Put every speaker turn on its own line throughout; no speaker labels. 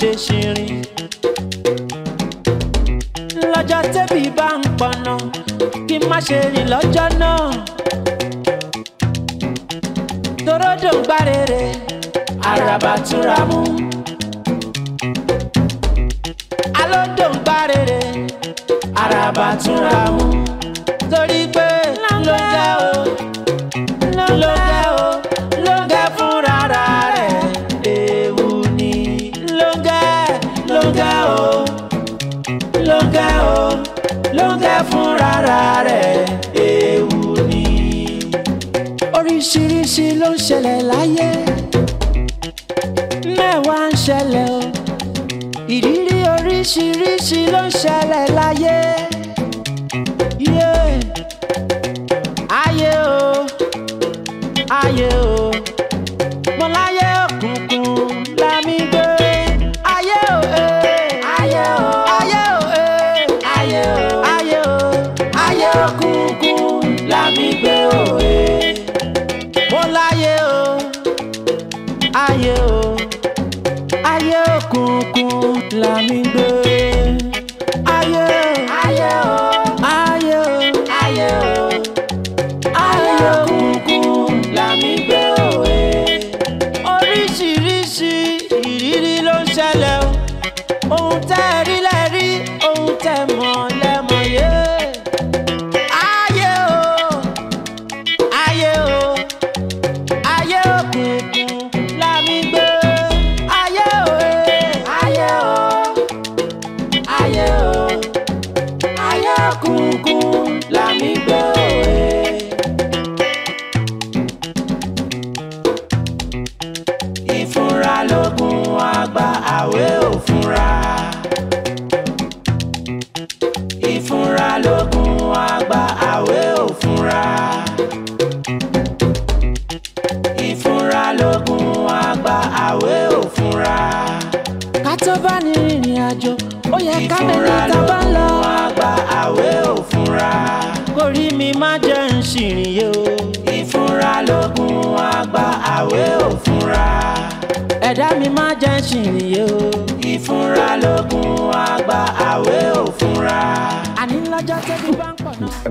ṣe ṣìnrìn. lọ́jọ́ tẹ́bí bá ń pọnà kí n má ṣe rìn lọ́jọ́ náà. toródò ń gbá rere àràbà túra mú. alódò ń gbá rere àràbà túra mú.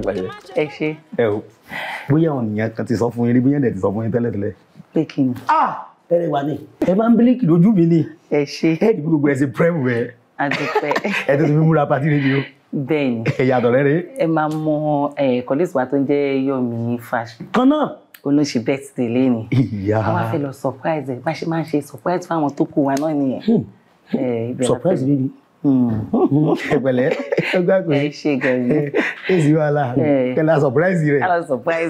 ṣàlàyé. ẹ ṣe.
ẹ o bóyá àwọn ènìyàn kan ti sọ fún yín rí bóyá ẹ̀ ti sọ fún yín tẹ́lẹ̀tẹ́lẹ̀. pé kí ni. ah tẹ́lẹ̀ wà ní. ẹ máa ń bílíkì lójú mi ni. ẹ ṣe.
ẹ dìbò gbogbo ẹ ṣe pẹ́ẹ́mù rẹ. àdùpẹ́. ẹ tó ti fi múra pàtí rẹ ni o. bẹ́ẹ̀ni. ẹ yàtọ̀ rẹ rẹ. ẹ máa mọ kọ́lẹ́sì wa tó ń jẹ́ Yomi Fash. kan náà olóṣì birthday lẹ́ni. ìyá wọn fẹ́ lọ surprise hmm. ẹ Hmm. pẹ̀lẹ́ ọgbàgbé ẹ ṣe gẹ̀ẹ́gẹ́
ẹ sì wà láà kẹlẹ surprise rẹ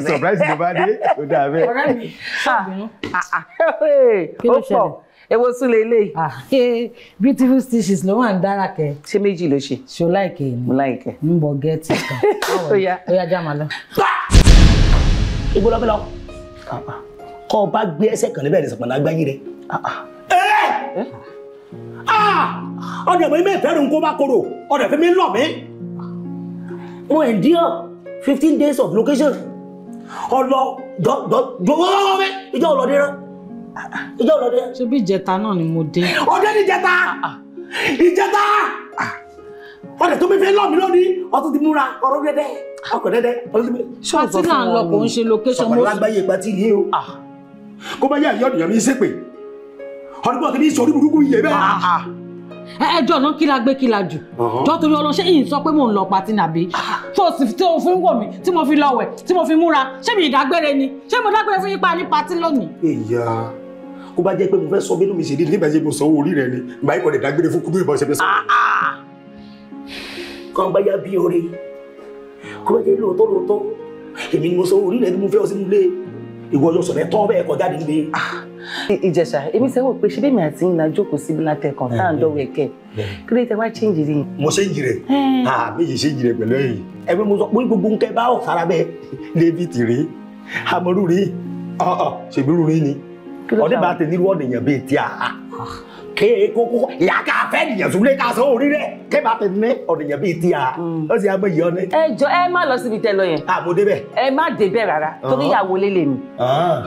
surprise ló bá dé ó dà bẹ́ẹ̀. ọ̀rẹ́
mi ṣàbínú. Ah, ah, ah. ó pọ̀ èwo tún lè lè. beautiful stitches ló wà ń dára kẹ. ṣé méjì ló ṣe. ṣo láìkè ni mo láìkè. ń bọ gẹ́ẹ̀tì kan. ó yá ó yá já màá lọ. ìgbọ́dọ̀ bí lọ
kọ́ ọ bá gbé ẹsẹ̀ kan lẹ́bẹ̀ẹ́ ní sọ̀pọ̀lá gbáyé rẹ̀. Ah! ọ̀dọ̀ mi mẹ́tẹ́rù ń kó bá koro ọ̀dọ̀ fi mi lọ̀ mí.
mo endure fifteen days of location ọlọ jọwọ́wọ́ mi ìjọ ọlọ́dẹ rán ìjọ ọlọ́dẹ. ṣé bí ìjẹta náà ni mo dé. ọdẹ ni ìjẹta ìjẹta ọdẹ tó mi fi lọ mi lónìí ọtún ti múra
ọ̀rọ̀ dẹdẹ ọkọ dẹdẹ ọtún mi. pátí náà ń lọ kò ń ṣe location mo. sọ̀rọ̀ lágbàáyé pátí yìí o
ah. kó bá yà yọ̀dùn yọ̀ mi ṣépè ọdún kìíní sọ orí burúkú yìí bẹ́ẹ̀. Ah, ah. ẹjọ́ náà kí la gbé kí la jù uh-huh. jọ torí ọlọ́ṣẹ́ yìí sọ pé mò ń lọ pati nàbí tó ah, o sì tí o fi ń wọ̀ mí tí mo fi lọ wẹ̀ tí mo fi múra ṣé mi ìdágbére ni ṣé mo dágbére fún yípa ní pati lónìí.
ìyá kó bá jẹ́ pé mo fẹ́ sọ bínú mi ṣe dídí nígbà tí mo sanwó orí rẹ ni ìgbà yìí kò lè dágbére fún kúndú ìbọn ṣe fẹ́ sọ. kàn bá yá bí oore kó bá jẹ́ lóòótọ́ lóòótọ́ èmi ni mo sanwó orí rẹ ni mo fẹ́ ọ sínú ilé ìwọ yóò sọ̀rọ̀ ẹ tọ́ bẹ́ẹ̀ kọjá nílé
ìjẹ̀ṣà èmi sẹ́wọ̀ pé ṣé bẹ́ẹ̀ àti ìlà jókòó síbi látẹ̀ kan tá à ń dọ́wọ́ ẹ̀kẹ́ kí ló tẹ wá change rí. mo
ṣe ń jìrẹ àmì yìí ṣe ń jìrẹ pẹ̀lú ẹ̀yìn ẹ̀mí mo sọ pé gbogbo nǹkan bá ò fara bẹ́ẹ̀ lébi tìrí amọ̀rú rí ṣèbí rú rí ni ọdẹ bá tẹ nílùú ọ̀nìyàn bíi ti àhá ké kókó ìyá ká fẹ́ nìyẹn sùn lé ká sọ orí rẹ̀ ké bá tẹ̀ ní ọ̀nìyàn bíi ti à ó sì yàgbé yìí ọ̀nà. ẹ jọ ẹ má lọ síbi tẹ lọ yẹn. a mo débẹ̀. ẹ má débẹ̀ rárá torí ìyàwó lé lè mi.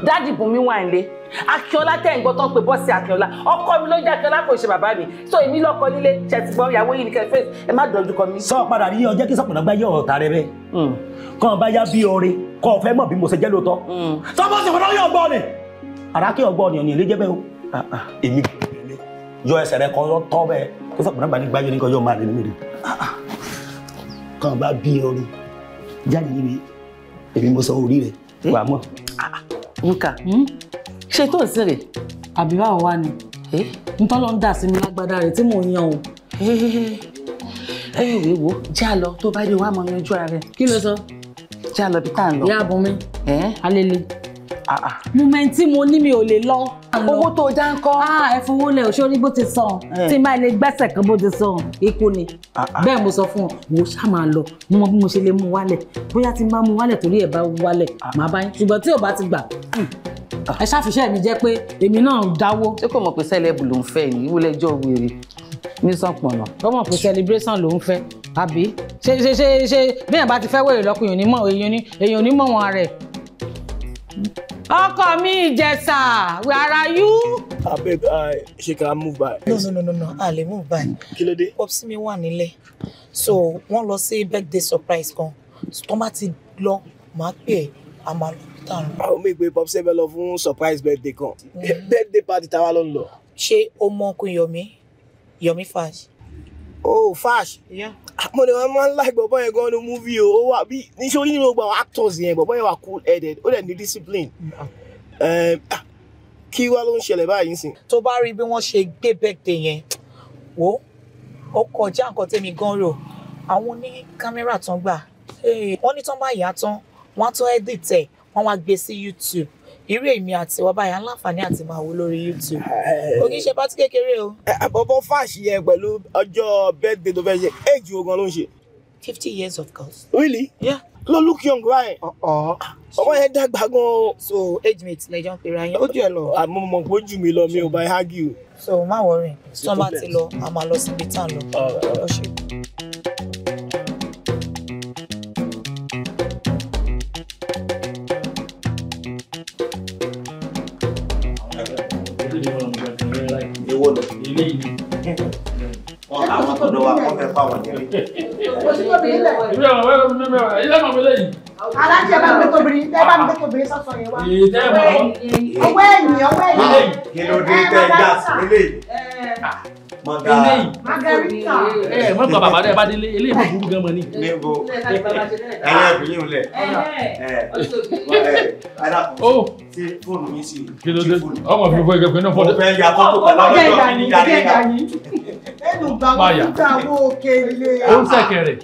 dáàdì bùnmi wà ń lé akínọlá tẹ̀ ń gbọ́ tán pé bọ́ọ̀sì akínọlá ọkọ mi ló ń jẹ́ akínọlá kò ṣe bàbá mi so èmi lọ́kọ nílé ṣètìgbọ́ ìyàwó yìí ní kẹfẹ ẹ má dojú kọ mi. sọ padà rí ọjọ́ kí sọ̀pọ̀nà gbá yẹ
ọ̀tá rẹ bẹ́ẹ̀ hmm. kàn bá yá bí ọ̀rẹ́ kọ́ ọ fẹ́ mọ̀ bí mo ṣe jẹ́ lóòótọ́ hmm. sọ bọ́ọ̀sì kọ́ná yọ̀ ọgbọ́n ni àràkè ọgbọ́n ni ọ̀nì ilé jẹ́ bẹ́ẹ̀ o ah, ah. èmi yọ ẹsẹ̀ rẹ kọ́ yọ tọ́ bẹ́ẹ̀ kí fàkùnrin bá ní gbájú ní kọ́ yọ máa rí nínú rẹ̀ kàn bá bí
orí jáde níbi
èmi mo sọ orí rẹ̀
eh? wà mọ̀. Ah, ah. nǹkan hmm? ṣe tó sí rè àbí báwo wá ni eh? ntọ́lọ́ ń dà sí mi lágbádá rẹ̀ tí mò ń yan o ẹyìn eh, ìwé wo já lọ tó bá dé wàá mọ yanjú ara rẹ kí ló sọ já lọ bí tá à ń lọ. ìyá àbùnmi alele moment tí mo ní mi ò lè lọ. owó tó o já ń kọ́. Ah, ẹ fowó lẹ òṣèré bó ti sàn eh. tí n bá lè gbẹ́sẹ̀ kan bó ti sàn ikú ni ah, ah. bẹ́ẹ̀ mo sọ fún ọ mo ṣáà máa lọ mo mọ bí mo ṣe lè mú wálẹ̀ bóyá tí n bá mú wálẹ̀ torí ẹ̀ bá wálẹ̀ màá bá yín ṣùgbọ́n tí ò bá ti gbà hmm, ẹ ṣàfiṣẹ́ mi jẹ́ pé èmi náà dáwó. ṣé kò mọ̀ pé sẹ́lẹ̀bù ló ń fẹ́ yìí ìwúlẹ́jọ́ wèrè ní sànpọ̀nà. ó mọ̀ pé celebration ló ń fẹ́ àbí ṣe ṣe ṣe ṣe bí èèyàn bá ti fẹ́ wèrè lọ́kùnrin èèyàn onímọ̀ èèyàn onímọ̀ wọn rẹ̀ ọkọ mi ìjẹsà where are you.
abeg ṣe ká move by. no no no no no a lè move by. kí ló dé. popsi mi wà nílẹ̀ so wọ́n lọ sí birthday surprise kan tó má ti lọ màá pè é a máa lọ tàn. àwọn mi pe popsi ẹ fẹ́ lọ fún surprise birthday kan mm. birthday party táwa ló ń lọ. ṣé o mọ ọkùnrin Yomi Yomi Fash oh fash ah, mo ní wọn máa ń láì bọ̀bọ̀ yẹn gan ní múvi o ó wà bí níṣẹ́ orí nínú gbogbo actors yẹn bọ̀bọ̀ yẹn wà cool headed ó dẹ̀ ní discipline ah, kí wá ló ń ṣẹlẹ̀ báyìí sìn. tó bá rí bí wọ́n ṣe gbé birthday yẹn wò ó kọjá nǹkan tèmi gan rò àwọn ní kámẹ́rà tán gbà wọ́n ní tán bá yà tán wọ́n á tán edit ẹ̀ wọ́n wá gbé sí YouTube irú èmi àti wọn báyìí aláǹfààní àti máa wo lórí youtube oníṣe pátí kékeré o. àbọ̀bọ̀ fáàṣì yẹn pẹ̀lú ọjọ́ birthday tó fẹ́ ṣe éèjì ogan ló ń ṣe. fifty years of course. really? yeah. ló look young right. Uh-uh. ọmọ yẹn dàgbà gan o. so age mate lẹjọ ń pèrè ayé. ó jẹ lọ àmọ́ ah, mo kò jù mí lọ mi ò bá yá gì o. so má wọrin tí wọn bá ti lọ a máa lọ síbi tá à ń lọ.
fẹ́ pa wọ́n jẹ́rí.
kò sí tóbi nílẹ̀. ìwé ọ̀rọ̀
wẹ́rẹ́ mi níbẹ̀ wá ilé màmí lẹ́yìn.
alájẹ bá gbé tóbiri ẹ bá gbé tóbiri sọ̀tọ̀ yẹn wá. ìtẹ́ mọ̀
ọ́. ọwọ́
ẹ̀yìn ọwọ́ ẹ̀yìn. kí ló dé tẹ́ ẹ já Margarita. Ẹ mọ̀ gba
bàbá rẹ̀ bá délé ilé ìbùkún gan mọ̀ ni. Níbo ẹ̀yẹ ìbíyìn lẹ̀. Ó ti oh. fóònù
yín sí. Kí ló dé? Ọmọ mi fọ ìgbẹ́pẹ́ náà fọ́dọ̀. Mo fẹ́ ya fọ́tò pẹ̀lú ọjọ́
ìyá yín.
Ẹnu gbàgbọ́ nígbà wo òkè Ó ń
sẹ̀kẹ̀rẹ̀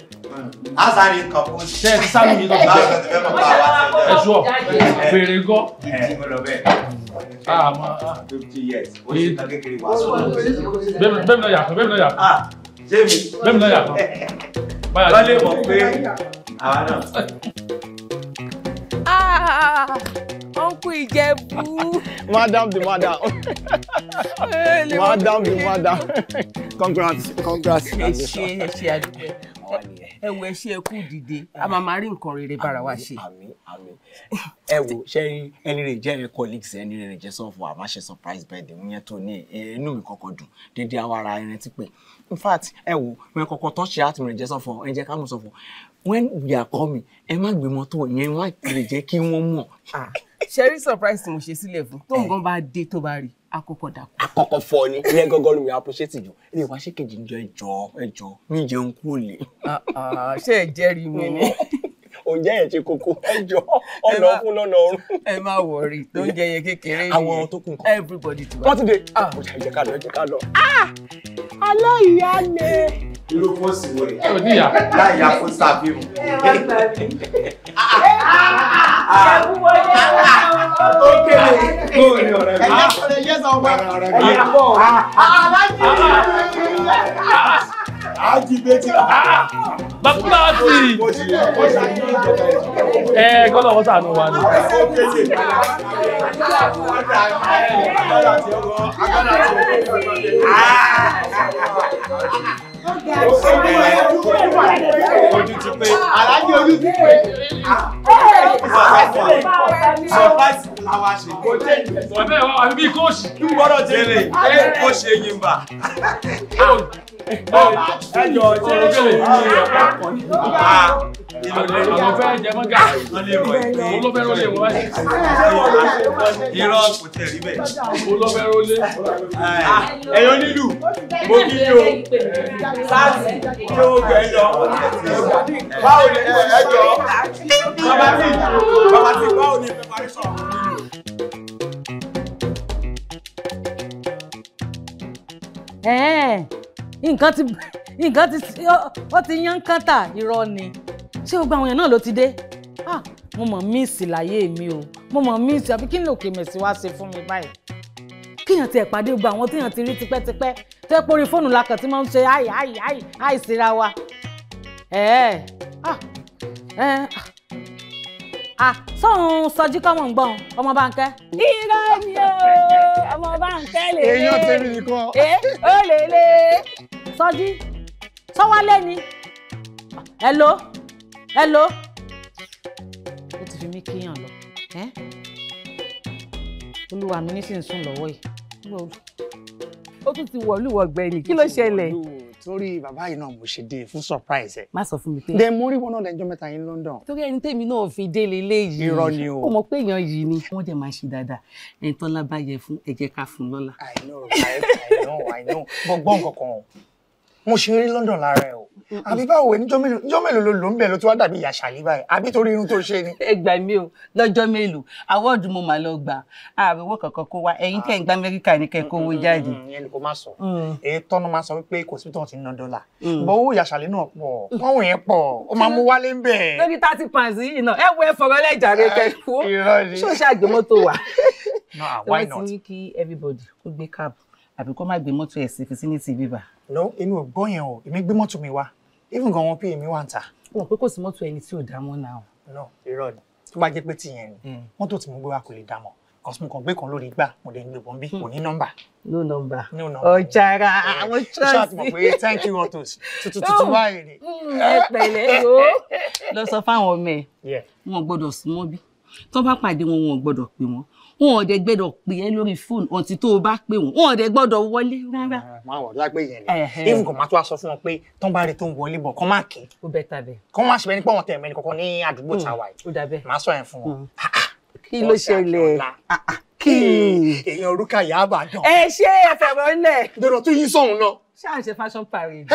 azari nǹkan kó sí. ṣe é ti sáré mi lọ bá ọ̀sẹ̀ tí mẹ́mọ̀ bá wá sí ọjọ́. ẹ̀ṣọ́ fèrè gọ́. ẹ̀ mo lọ bẹ́ẹ̀.
a ma fifty years
ó sì tán kékeré wá
sọ. bẹ́ẹ̀
lọ yàtọ̀ bẹ́ẹ̀ lọ yàtọ̀. ah ṣé mi. bẹ́ẹ̀ lọ yàtọ̀.
lọ́lé mọ̀ pé àwa náà. Ah, uncle Ijebu. madam the madam. madam the madam. congrats. congrats. ẹ ṣe ẹ ṣe
àdúgbò ẹ wo ẹ ṣe ẹ kú dìde a máa máa rí nǹkan rere bára wa ṣe. àmín
àmín
ẹ wo ṣe ẹni rẹ jẹ
ẹ colleagues ẹni rẹ jẹ sọfọ àmàṣe surprise birthday ń yẹn tó ní inú mi kọ́kọ́ dùn dédé àwọn ara
ẹran ti in fact ẹ wo wọn kọ́kọ́ tọ́ ṣe àtìmọ̀ rẹ jẹ sọfọ ẹ jẹ ká when we are coming ẹ má gbé mọ́tò yẹn wá lè jẹ́ kí wọ́n mọ̀. Ah, ṣe surprise tí
mo ṣe sílẹ̀ fún tó nǹkan eh. bá dé tó bá rí àkọ́kọ́ dàkú.
àkọ́kọ́ fọ ni ilé gọgọ ni mi appreciate jù ilé wa ṣé kejì ń jọ ẹjọ ẹjọ mi jẹun kúrò lè. Ah, ah, ṣé ẹ jẹ́rìí mi ni. oúnjẹ yẹn ṣe kókó ẹjọ ọ̀nà fún lọ́nà ọ̀run. ẹ má wọrí tó ń
jẹ yẹn kékeré yìí àwọn tó kù nǹkan everybody ti wá. wọ́n ti dé. ọjà ìjẹ́ká lọ ìjẹ́ká lọ.
aláìyá le
irú fóòsì wo rẹ̀. ẹ níyà. láì ya fún sàfihàn. ẹ wá gbà
mí. ẹ
wúwo yẹ ọ kéré
kó ní ọ̀rẹ́ ah, ah, ah. mi.
ẹ jẹ́ sọ̀rọ̀ ẹ jẹ́ sọ̀rọ̀ pa
ọ̀rẹ́
bọ̀. aláàjì aláàjì bẹ́tì. bàbá ti
ẹ kọ́lọ̀ wọ́n sànù wa ni.
Ah! ojú ti pé alájí ojú ti pé sọpáìsì
làwa ṣe kó jẹ ìgbésọ bẹ́ẹ̀ wá àbí
kó ṣe kí gbọ́dọ̀ jẹ lè kó ṣe yimba. ẹjọ
ṣe é ṣe ní ọ̀pá kan ní
ọ̀pá
àwọn
fẹ́ jẹ mọ́gà òun ló fẹ́ rólé wọn báyìí.
irọ́ kò tẹ̀ rí bẹ́ẹ̀. òun ló fẹ́ rólé. ẹ̀yọ́ nílùú mo
kí yín o sáàsì kí ó gbẹ lọ báwo ni
ẹ jọ bàbá
tí bàbá tí báwo ni preparation
nǹkan ti nǹkan ti ó ti yán kátà irọ́ ni ṣé gbogbo àwọn èèyàn náà ló ti dé mo mọ̀ míìsì láyé mi o mo mọ̀ míìsì àbí kí ni òkè mẹ̀sì wá ṣe fún mi báyìí kíyàn ti ẹ̀ pàdé gbogbo àwọn tíyàn ti rí tipẹ́tipẹ́ tẹ́ pórí fóònù la kàn tí máa ń ṣe àì àì àì àì síra wa ẹ̀ẹ́ ẹ̀ à sóhun sọjí kọ́mọ̀ ń gbọ́n ọmọ báńkẹ́. irọ́ ni o ọmọ báńkẹ́ lè lé èèyàn tèmi nìkan. ẹ ó lè lé sọjí sọwálé ni ẹ ló ẹ ló ó ti fi mí kíyàn lọ olúwa mi ní sì ń sùn lọ́wọ́ yìí ó tún ti wọ̀lú wọ̀gbẹ́ ni kí
ló ṣẹlẹ̀. torí bàbá yìí náà mo ṣe dé fún surprise ẹ. má sọ fún mi pé. then mo rí wọn náà lẹ́jọ́ mẹ́ta yín London. torí ẹni tèmi náà fi
dé lélẹ́ yìí. irọ́ ni o. ó mọ pé èèyàn yìí ni. wọ́n jẹ́ máa ṣe dáadáa ẹni tọ́lá bá yẹ fún ẹ ká fún lọ́la. I know I know I know gbọ́ngbọ́n
kankan mo ṣe rí London lára ẹ o àbí báwo níjọ́ mélòó níjọ́ mélòó ló lò ń bẹ̀ ló ti wá dàbí ìyá ṣàlí báyìí àbí torí irun tó ṣe ni. ẹ gbà mí o lọ́jọ́ mélòó awọ́ọ̀dù mo mà lọ gbà àbẹ̀wò kankan kó wa ẹ̀yin tẹ̀ ń gba Amẹ́ríkà ní kẹ́ kówó jáde. ìyẹn ni kò má sọ mm. èyí tọ́nu máa sọ wípé kò sí tóun ti ná dọ́là mm. bọ́ owó ìyá ṣàlí náà pọ̀ pọ́ùn yẹn pọ̀ ó máa mú wálé ń
bẹ̀. lórí thirty pounds yìí náà ẹ wo ẹ
why not. láti
ní everybody kó cab àbí kó má gbé mọ́tò ẹ̀ sí fi sí ní ti bíbà
lọ èmi ò gbọ́ yẹn o èmi gbé mọ́tò mi wá even gan wọn pé èmi wà ń tà. wọn pé kò sí mọ́tò ẹni tí ò dámọ́ náà. no irọ́ ni tó bá jẹ́ pé tìyẹn ni mm. mọ́tò tí mo gbé wá kò lè dámọ́ kọ̀sùn kan gbé kan lórí gbà mo lè gbé bọ́m̀bí kò ní mm. nọ́mbà. no number. no number. Eh, àwọn chọ́ọ̀sì.
ṣáà ti mọ̀ pé thank you autos tuntun tuntun wá èrè. Mm, ẹ pẹ̀lẹ́ o
lọ sọ fáwọn ọmọ ẹ̀ wọn gbọ́dọ̀ sún mọ́ bí tó bá pàdé wọn wọn gbọ́dọ̀ pè wọ́n wọn ò dẹ̀ gbẹ́dọ̀ pè ẹ́ lórí fóònù ọ̀tí tó o bá pè wọ́n wọn ò dẹ̀ gbọ́dọ̀ wọlé rárá.
wọn àwọn ọ̀dọ́ àgbẹ̀ yẹn ni even kò máa tó wá sọ fún wọn pé tán bá rí tó ń wọlé bọ̀ kán má kí. ó bẹ tàbẹ. kán má ṣe bẹ́ẹ̀ ní pọ́wọ́n tẹ̀ mẹ́ni kọ́kọ́ ní àdúgbò tàwa yìí. ó dàbẹ́. máa sọ yẹn fún wọn. Mm. kí ló ṣẹlẹ̀ kí èèyàn orúkà yà á bà dán. ẹ ṣe ẹfẹ̀rọ̀ lẹ̀. dèrò tún yín sóhun náà. ṣáà ṣe fashion parade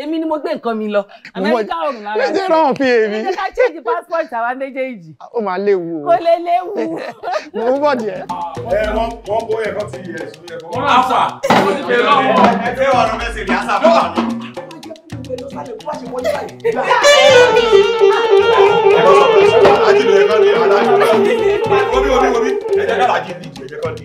èmi ni mo gbé nǹkan mi lọ amẹ́ríkà ọ̀run lára ṣe rán fi èmi ẹ ká change passport àwa méjèèjì. ó máa léwu o kò
lè léwu. mo ń bọ̀ díẹ̀. ẹ wọn wọn bó
yẹ kó ti yẹ
ẹsùn yẹ kó.
wọn á fà
ó ti bẹ̀rẹ̀ lọ́wọ́. ẹ fẹ́ wà lọ́mọ
ẹsẹ̀ rí àṣà fún mi.
Obi obi obi ẹ jẹ́ ká lajì ní ìjẹ́ jẹ́ ká
lajì.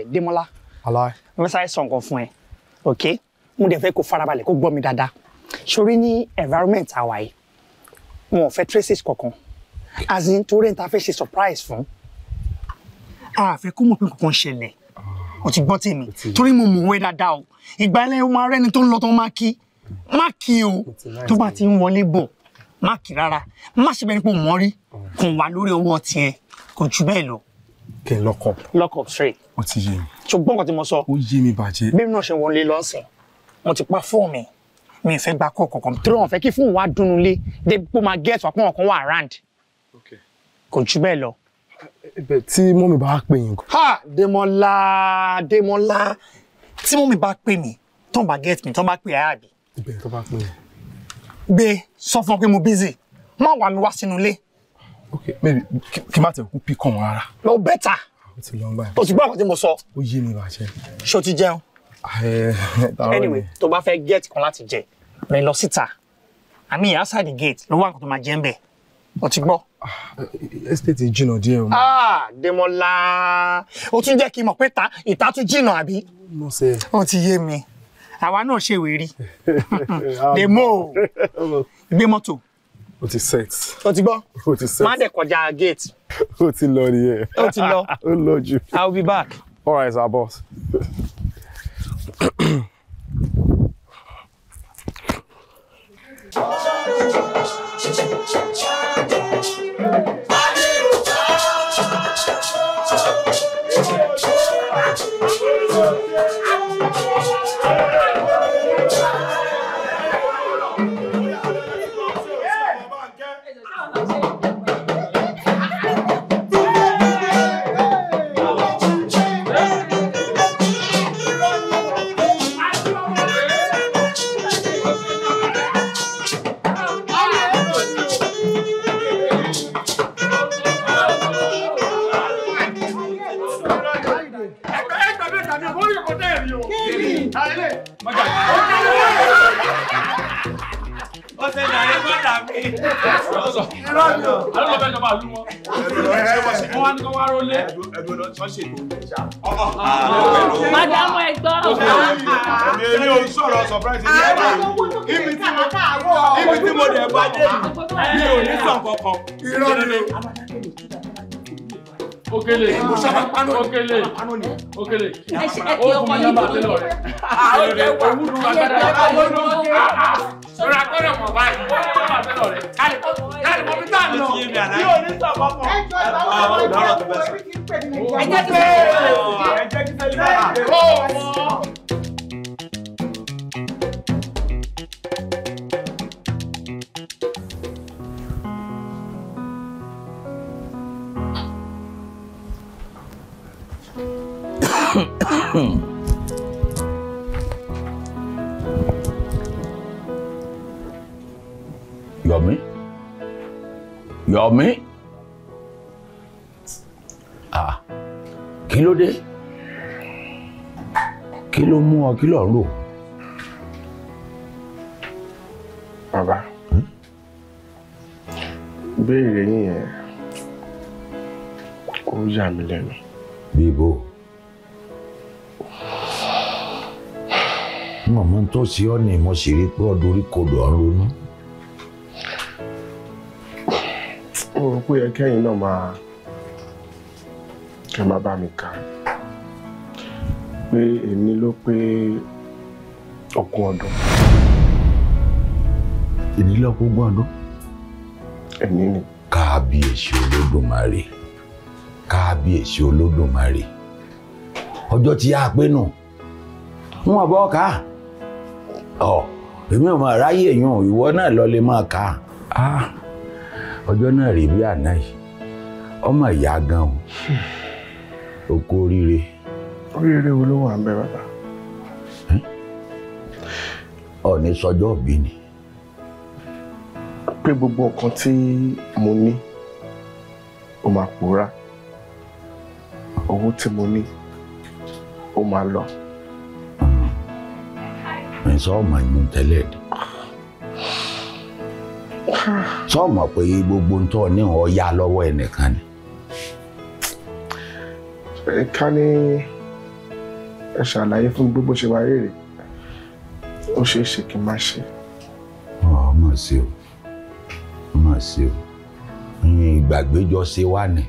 ẹ Démọ́lá mo fẹ́ sáré sọ nǹkan fún ẹ ok mo dẹ̀ fẹ́ kó farabalẹ̀ kó gbọ́ mi dáadáa sórí ní environment àwa yìí wọn ò fẹ́ traces kankan as in torí n ta fẹ́ ṣe surprise fún a fẹ́ kó mọ̀ pé kankan ṣẹlẹ̀ o ti gbọ́ tèmi torí mo mọ̀ wẹ́ dáadáa o ìgbà ilẹ̀ o máa rẹ́ni tó ń lọ tó máa kí má kí o tó bá ti ń wọlé bọ̀ má kí rárá má ṣe bẹ́ẹ̀ ni pé mọ́ rí oh. kò wà lórí ọwọ́ tiẹ̀ kò jù bẹ́ẹ̀ lọ. kí n lock up. lock up straight ó ti yé mi. ṣùgbọ́n nǹkan tí mo sọ. ó yé mi bàjẹ́. bí mi náà ṣe wọlé lọ́sìn mo ti pa fóònù mi mi fẹ́ gba kọ́ kọ̀ọ̀kan tí wọ́n fẹ́ kí fóònù wa dùnnú lé débi pé máa gẹ́ẹ̀tì wà pé wọn kan wà round. kò jù bẹ́ẹ̀ lọ.
ibẹ̀ tí mọ́mì bá pè yín.
ha Démọ́lá Démọ́lá tí mọ́mì bá pè mí tó ń bá gẹ́ẹ̀tì mi tó ń bá pè áyà bí. ibẹ̀ tó bá pè yín. gbé sọ fún ọ pé mo busy má wà mí wá sínú ilé. ok maybe kí má tẹ̀ kú pí kàn wọ́n rárá. lọ bẹ́tà ó ti lọ báyìí. o ti gbọ́ àwọn tí mo sọ. ó yé mi bàjẹ́. ṣé o ti jẹun. anyway tó bá fẹ́ gẹ́ẹ̀tì kan láti jẹ rìn lọ síta àmì outside the gate ló wà nǹkan tó máa jẹ ń bẹ̀ o ti gbọ́.
Ah, estate jìnnà díẹ̀ o.
Ah, Dèmọ́lá o tún jẹ́ kí n mọ̀ pé ìta tún jìnnà àbí. mo ṣe. o ti yé mi àwa náà ṣèwé rí. dèmó gbé mọ́tò o ti set. o ti gbọ́. o ti set. má dẹ̀ kọjá gate. o ti lọ nìyẹn. o ti lọ. o lọ jù. i will be back.
all right sir boss.
Thank you.
ẹ̀rọ ọ̀nà ẹ̀rọ ọ̀bẹ ìjọba ìlú wọn.
wọ́n wá
ní kó wá rólé. ẹ̀dùn ọ̀nà tí wọ́n ṣe ètò ìjà.
madamu ẹgbọ́. èmi èmi ò sọ̀rọ̀ surprise ní ẹ̀rọ
ibi tí mo ibi tí mo dẹ̀ bá dé mi
ò ní sàn kankan.
irọ́
ni okele okele okele o kun ma yaba tẹlọ rẹ ewúro agbada
agbada lórí agbẹ́rẹ́ mọ̀ báyìí tó máa fẹ́ lọ rẹ̀ káyì káyì mọ̀ mi tá mi ò ní sọ̀kọ̀ mọ̀. ẹ jọ ìbáwọ̀
ọmọ ìjọba ọmọ ìjọba ti ń pè ní ìyá. ẹ jẹ́ kí sẹ́yìn bá a. ó mọ̀. Hmm.
Yọ̀mí ah kí ló dé kí ló mú ọ kí ló ń rò.
bàbá hmm? béèrè yín yẹn ó yà mí lẹ́nu. bíbó
mọ̀mọ́ tó ṣe ọ́ ni mo sì rí pé ọdún orí kodò ọ̀run ronú.
ó rò pé ẹkẹ́yìn náà máa kẹ́ máa bá mi kà pé èmi ló pé ogún ọdún.
èmi ló pé ogún ọdún. èmi ni. kábíyèsí olódùmarè kábíyèsí olódùmarè ọjọ́ tí a pé nù ń wọ́n bọ́ ká ọ èmi ò máa ráyè yan ìwọ náà lọ lè máa kà á. Ah, ọjọ́ náà rí bí àná yìí ọmọ ìyá gan o oko hmm. oríire. oríire wo ló wà ń bẹ bàbá. Hmm? ọ̀ní sọjọ́ òbí ni.
pé gbogbo nǹkan tí mo ní ó máa pòórá owó tí mo ní
ó máa lọ. Hmm. ẹ̀ ọmọ ìmú tẹ́lẹ̀ dé sọ mọ̀ pé gbogbo ń tọ́ ní ọ̀ ya lọ́wọ́ ẹnìkan ni. ká ní
ẹ ṣàlàyé fún mi bó ṣe wá rèé ó ṣeé ṣe kí n má
ṣe. ọmọ sí o ọmọ sí o ìgbàgbéjọ ṣe wá ni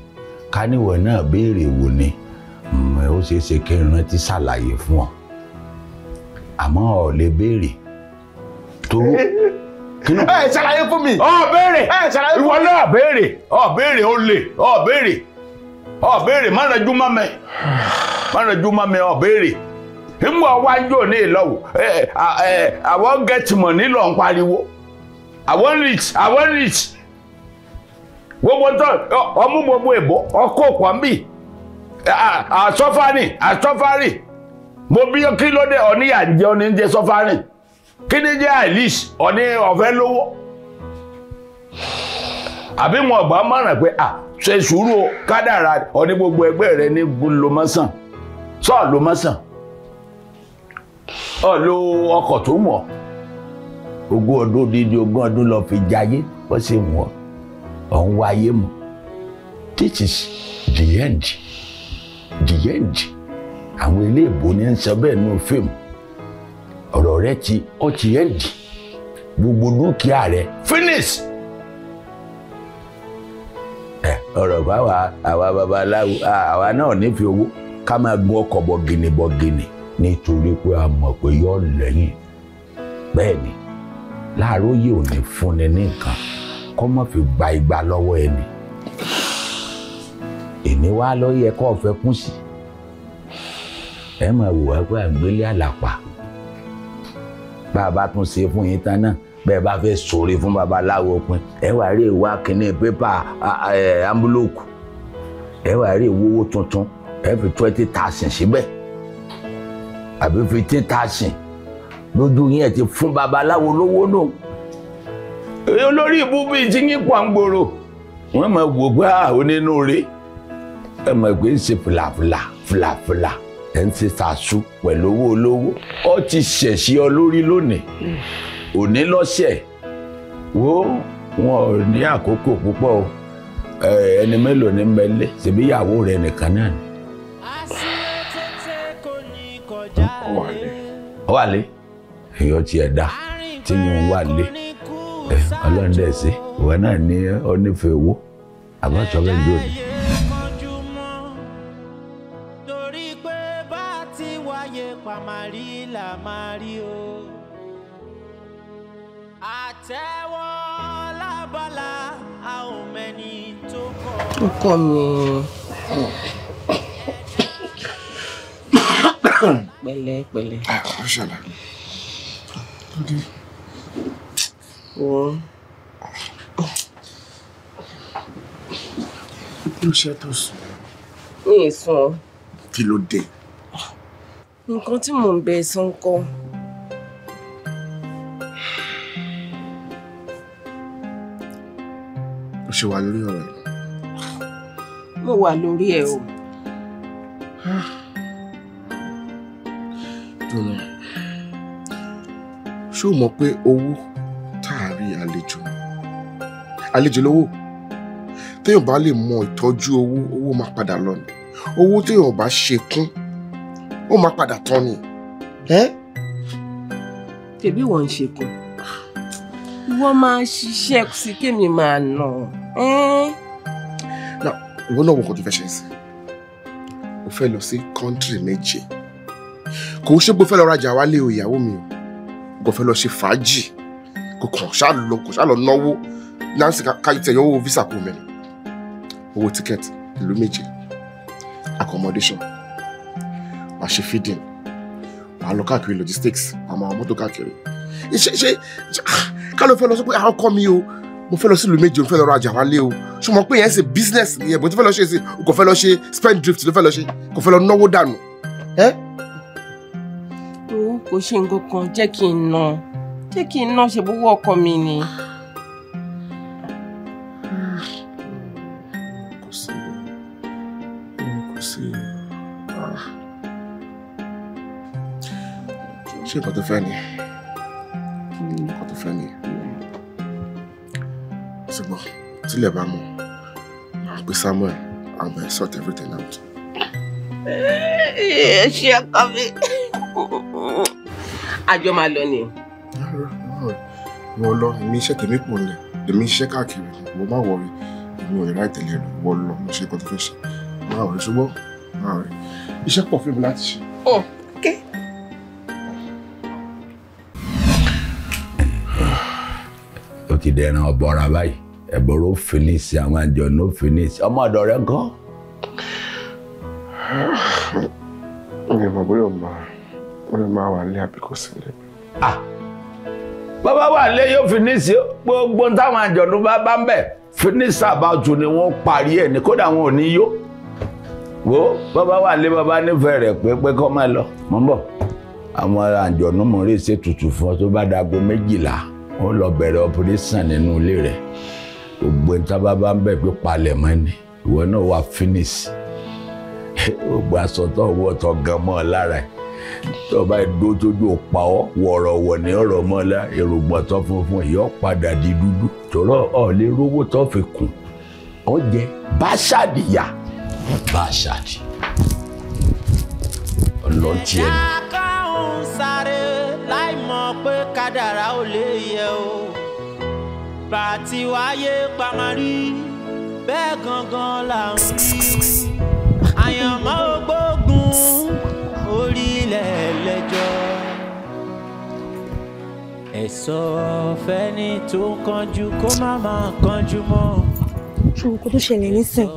ká níwọ̀ náà béèrè wò ni hmm, ó ṣeé ṣe kí n rántí ṣàlàyé fún ọ àmọ́ ọ̀ lè béèrè tó.
ẹ ṣàlàyé fún mi. ọ béèrè fún mi. ìwọ náà ọ
béèrè ó lè ọ béèrè ọ béèrè má rẹ jú má rẹ jú ọ béèrè ìmú ọwá ń jò ní ìlọ́wọ́ àwọn get money lọ ń pariwo àwọn rich àwọn rich gbogbo tó ọmú gbogbo èbó ọkọ mo bí kí ló dé ọ níyà ń jẹ ọ kí ni jẹ́ àìlíṣ ọ̀ní ọ̀fẹ́ lówó àbí wọn ọ̀gbà mọ̀ràn pé à ṣe sùúrù kádàrà ọ̀ní gbogbo ẹgbẹ́ rẹ ní lomọ́sàn sọ lomọ́sàn ọ̀ lo ọkọ̀ tó mọ̀ ogún ọdún dídí ogún ọdún lọ fi jayé wọ́n sì wọ́n ọ̀hún wáyé mu this is the end the end àwọn ilé ìbò ní ń sọ bẹ́ẹ̀ nínú fíìmù ọ̀rọ̀ rẹ ti ó ti ẹ̀ dì gbogbo dúkìá rẹ finish ẹ ọ̀rọ̀ báwa àwa babaláwo àwa náà nífi owó ká máa gun ọkọ̀ bọ̀gìnì bọ̀gìnì nítorí pé a mọ̀ pé yóò lẹ́yìn bẹ́ẹ̀ ni láàróyè ò ní fúnni nìkan kọ́ kó fi gba igba lọ́wọ́ ẹni èmi wá lọ́yẹ kó o fẹ́ kún sí ẹ máa wò wá pé àgbélé àlàpà. bá a bá tún ṣe fún yín tán náà bẹ́ẹ̀ bá fẹ́ sòrè fún babaláwo pin ẹ wà rí ìwà kìíní pépà ambulóòkù ẹ wà rí ìwówó tuntun ẹ fi twenty thousand síbẹ̀ àbí fifteen thousand lójú yín ẹ ti fún babaláwo lówó náà olórí ìbú bíi ti yín pàǹgbòrò wọ́n máa wò pé ah, onínúure ẹ mọ̀ pé ń ṣe fìlàfìlà fìlàfìlà ẹ̀ ń ṣe ṣàṣù pẹ̀lú owó olówó ó ti ṣẹ̀ṣẹ̀ ọ lónìí òní lọ́sẹ̀ wo wọn ò ní àkókò púpọ̀ o ẹni mélòó ní mẹ́lẹ́ ṣèbí ìyàwó rẹ nìkan náà ni. ó wà lé èèyàn ti ẹ̀ dá tí yín wà lé ọlọ́run dẹ̀ sí ìwọ náà ní ọ nífẹ̀ẹ́ owó
àbáṣọ bẹ́ẹ̀ lónìí.
ọkọ mi pẹ̀lẹ́ pẹ̀lẹ́. Ah, ó ṣẹlẹ̀ lóde.
wọ́n. kí ló ṣe tó sùn.
mi ì sùn. kí ló dé. nǹkan tí mò ń bẹ sọ ń
ṣe wà lórí ọ̀rọ̀ yìí
mo wà lórí ẹ o.
dùnà ṣé o mọ̀ pé owó tààrí àlejò àlejò lówó téèyàn bá lè mọ ìtọ́jú owó owó máa padà lọ ni owó téèyàn bá ṣe kún ó máa padà tán ni. tèbí wọ́n ń ṣe kún
wọ́n máa ṣiṣẹ́ sí kémi máa nà
ìwọ náà wọ́n kò tó fẹ́ ṣe sí o fẹ́ lọ sí kọ́ńtírì méje kò ń ṣe pé o fẹ́ lọ rajà wálé o ìyàwó mi o kò fẹ́ lọ ṣe fàájì kò kàn ṣáà lọ kò ṣáà lọ náwó nancy kàyọ̀tẹ̀ yẹn owó visa kò mẹ́rin owó tíkẹ́ẹ̀tì ìlú méje accommodation wàá ṣe feeding wàá lọ káàkiri logistics àmọ́ àwọn mọ́tò káàkiri ṣe ṣe ah, ká ló fẹ́ lọ sọ pé àwọn kọ́ mi o mo fẹ́ lọ sílùú méje mo fẹ́ lọ rajà wálé o ṣùgbọ́n pé yẹn ṣe business nìyẹn bó ti fẹ́ lọ ṣe sí o kò fẹ́ lọ ṣe spend drift ló fẹ́ lọ ṣe kò fẹ́ lọ náwó dànù.
o kò ṣe nǹkan kan jẹ́ kí n ná jẹ́ kí n ná ṣe bówó ọkọ mi ni.
kò sí kò sí ṣé ìbàdàn fẹ́ ni. tílẹ̀ bá mọ̀ àwọn pé Samuel àwọn ẹ̀ sort everything out.
ẹ
ṣe ọkọ mi àjọ máa lọ ni.
wọ́n lọ èmi iṣẹ́ tèmi pọ̀ lẹ̀ èmi iṣẹ́ káàkiri mo má wọrí èmi ò lè láì tẹ̀lé ẹ̀rọ wọ́n lọ mo ṣe kọ́tọ́ fẹ́ ṣe máa rí ṣùgbọ́n máa rí iṣẹ́ pọ̀ fún mi láti
ṣe. Oh,
ó ti dẹ̀ràn ọ̀bọ̀ra báyìí ẹ̀bọ̀rọ̀ ó finish àwọn àjọ̀nù ó finish ọmọ ọ̀dọ̀ rẹ kọ́. mi ò mọ̀ bóyá ọmọ rẹ máa wà ní àbíkó sílẹ̀. bàbá wà lé yóò finish gbogbo táwọn àjọ̀nù bá bá ń bẹ̀ finish àbájú ni wọ́n parí ẹ̀ ní kódà wọn ò ní yó wo bàbá wà lé bàbá nífẹ̀ẹ́ rẹ̀ pé pé kọ́ máa lọ mọ́ bọ̀ àwọn àjọ̀nù mọ̀ọ́rẹ́ ṣètùtù fún ọ tó bá dago méjìlá ó lọ bẹ̀rẹ̀ ọpẹrẹsàn nínú ilé rẹ̀ gbogbo ẹni tábà bá ń bẹ̀ pé palẹ̀ ni ìwọ náà wà finish gbogbo aṣọ tó wọ̀ tó gan mọ́ ọ lára ẹ̀ tó bá dó tójú pa ọ́ wọ̀rọ̀wọ̀ ní ọ̀rọ̀ mọ́ ọ lá èròǹgbọ̀n tó funfun yọ padà di dúdú tòrọ ọ lè rówó tó fi kù ọ jẹ báṣáàdì yá báṣáàdì
ọlọ́tí ẹni. ìyá kan ń sáré láì mọ̀ pé kádàrá ò lè yẹ o bàtí wáyé pamari bẹ́ẹ̀ gangan là ń àyànmọ́ gbógun orílẹ̀ lẹ́jọ́ ẹ sọ fẹ́ni tó kánjú kó má má kánjú mọ́ ṣé nǹkan
tó ṣẹlẹ̀ nísìn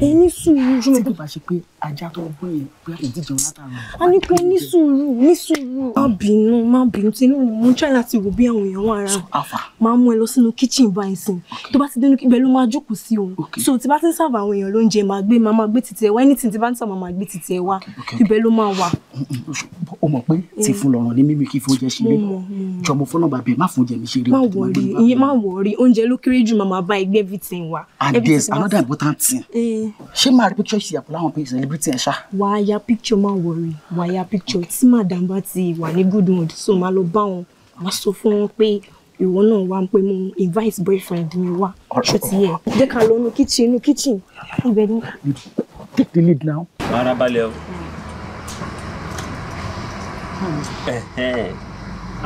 ẹni sùúrù ṣé nǹkan tó bá ṣe pé ajá tó ń gbóyè bóyá ìdíje wọn látara. a ní pé ní sùúrù ní sùúrù má bínú má bínú tí inú mi mo ń láti wo bí àwọn èèyàn wà ara máa mú ẹ lọ sínú kíchìn báyìí sìn tó bá ti dénú ibẹ̀ ló máa jókòó sí òun so tí bá ti ń sábà àwọn èèyàn ló ń jẹ máa gbé máa máa gbé títí ẹ wá anything tí bá ń sábà máa gbé títí ẹ wá ibẹ̀ ló máa wà.
o mọ̀ pé mm. ti fún lọ́rùn ní mímí kí fún oúnjẹ ṣe rí jọmọ fún náà bàbá ẹ má fún oúnjẹ mi ṣe rí.
má wọrí oúnjẹ ló kéré jù máa bá ẹgbẹ́ everything wa wà. and there is another
important thing.
Eh. ṣé máa rí picture ṣì yàpọ̀ láwọn celebrity ẹ̀ ṣá. wàá picture má worry wàá ya picture tí madam bá ti wà ní good mood so máa lọ bá wọn máa sọ fún wọn pé ìwọ náà wá ń pè invite boyfriend mi wá ṣó ti yẹ jẹ́ ká lọ inú kitchen inú kitchen ibẹ̀ ni. take the lead now.
mara balẹ̀ o. Hmm.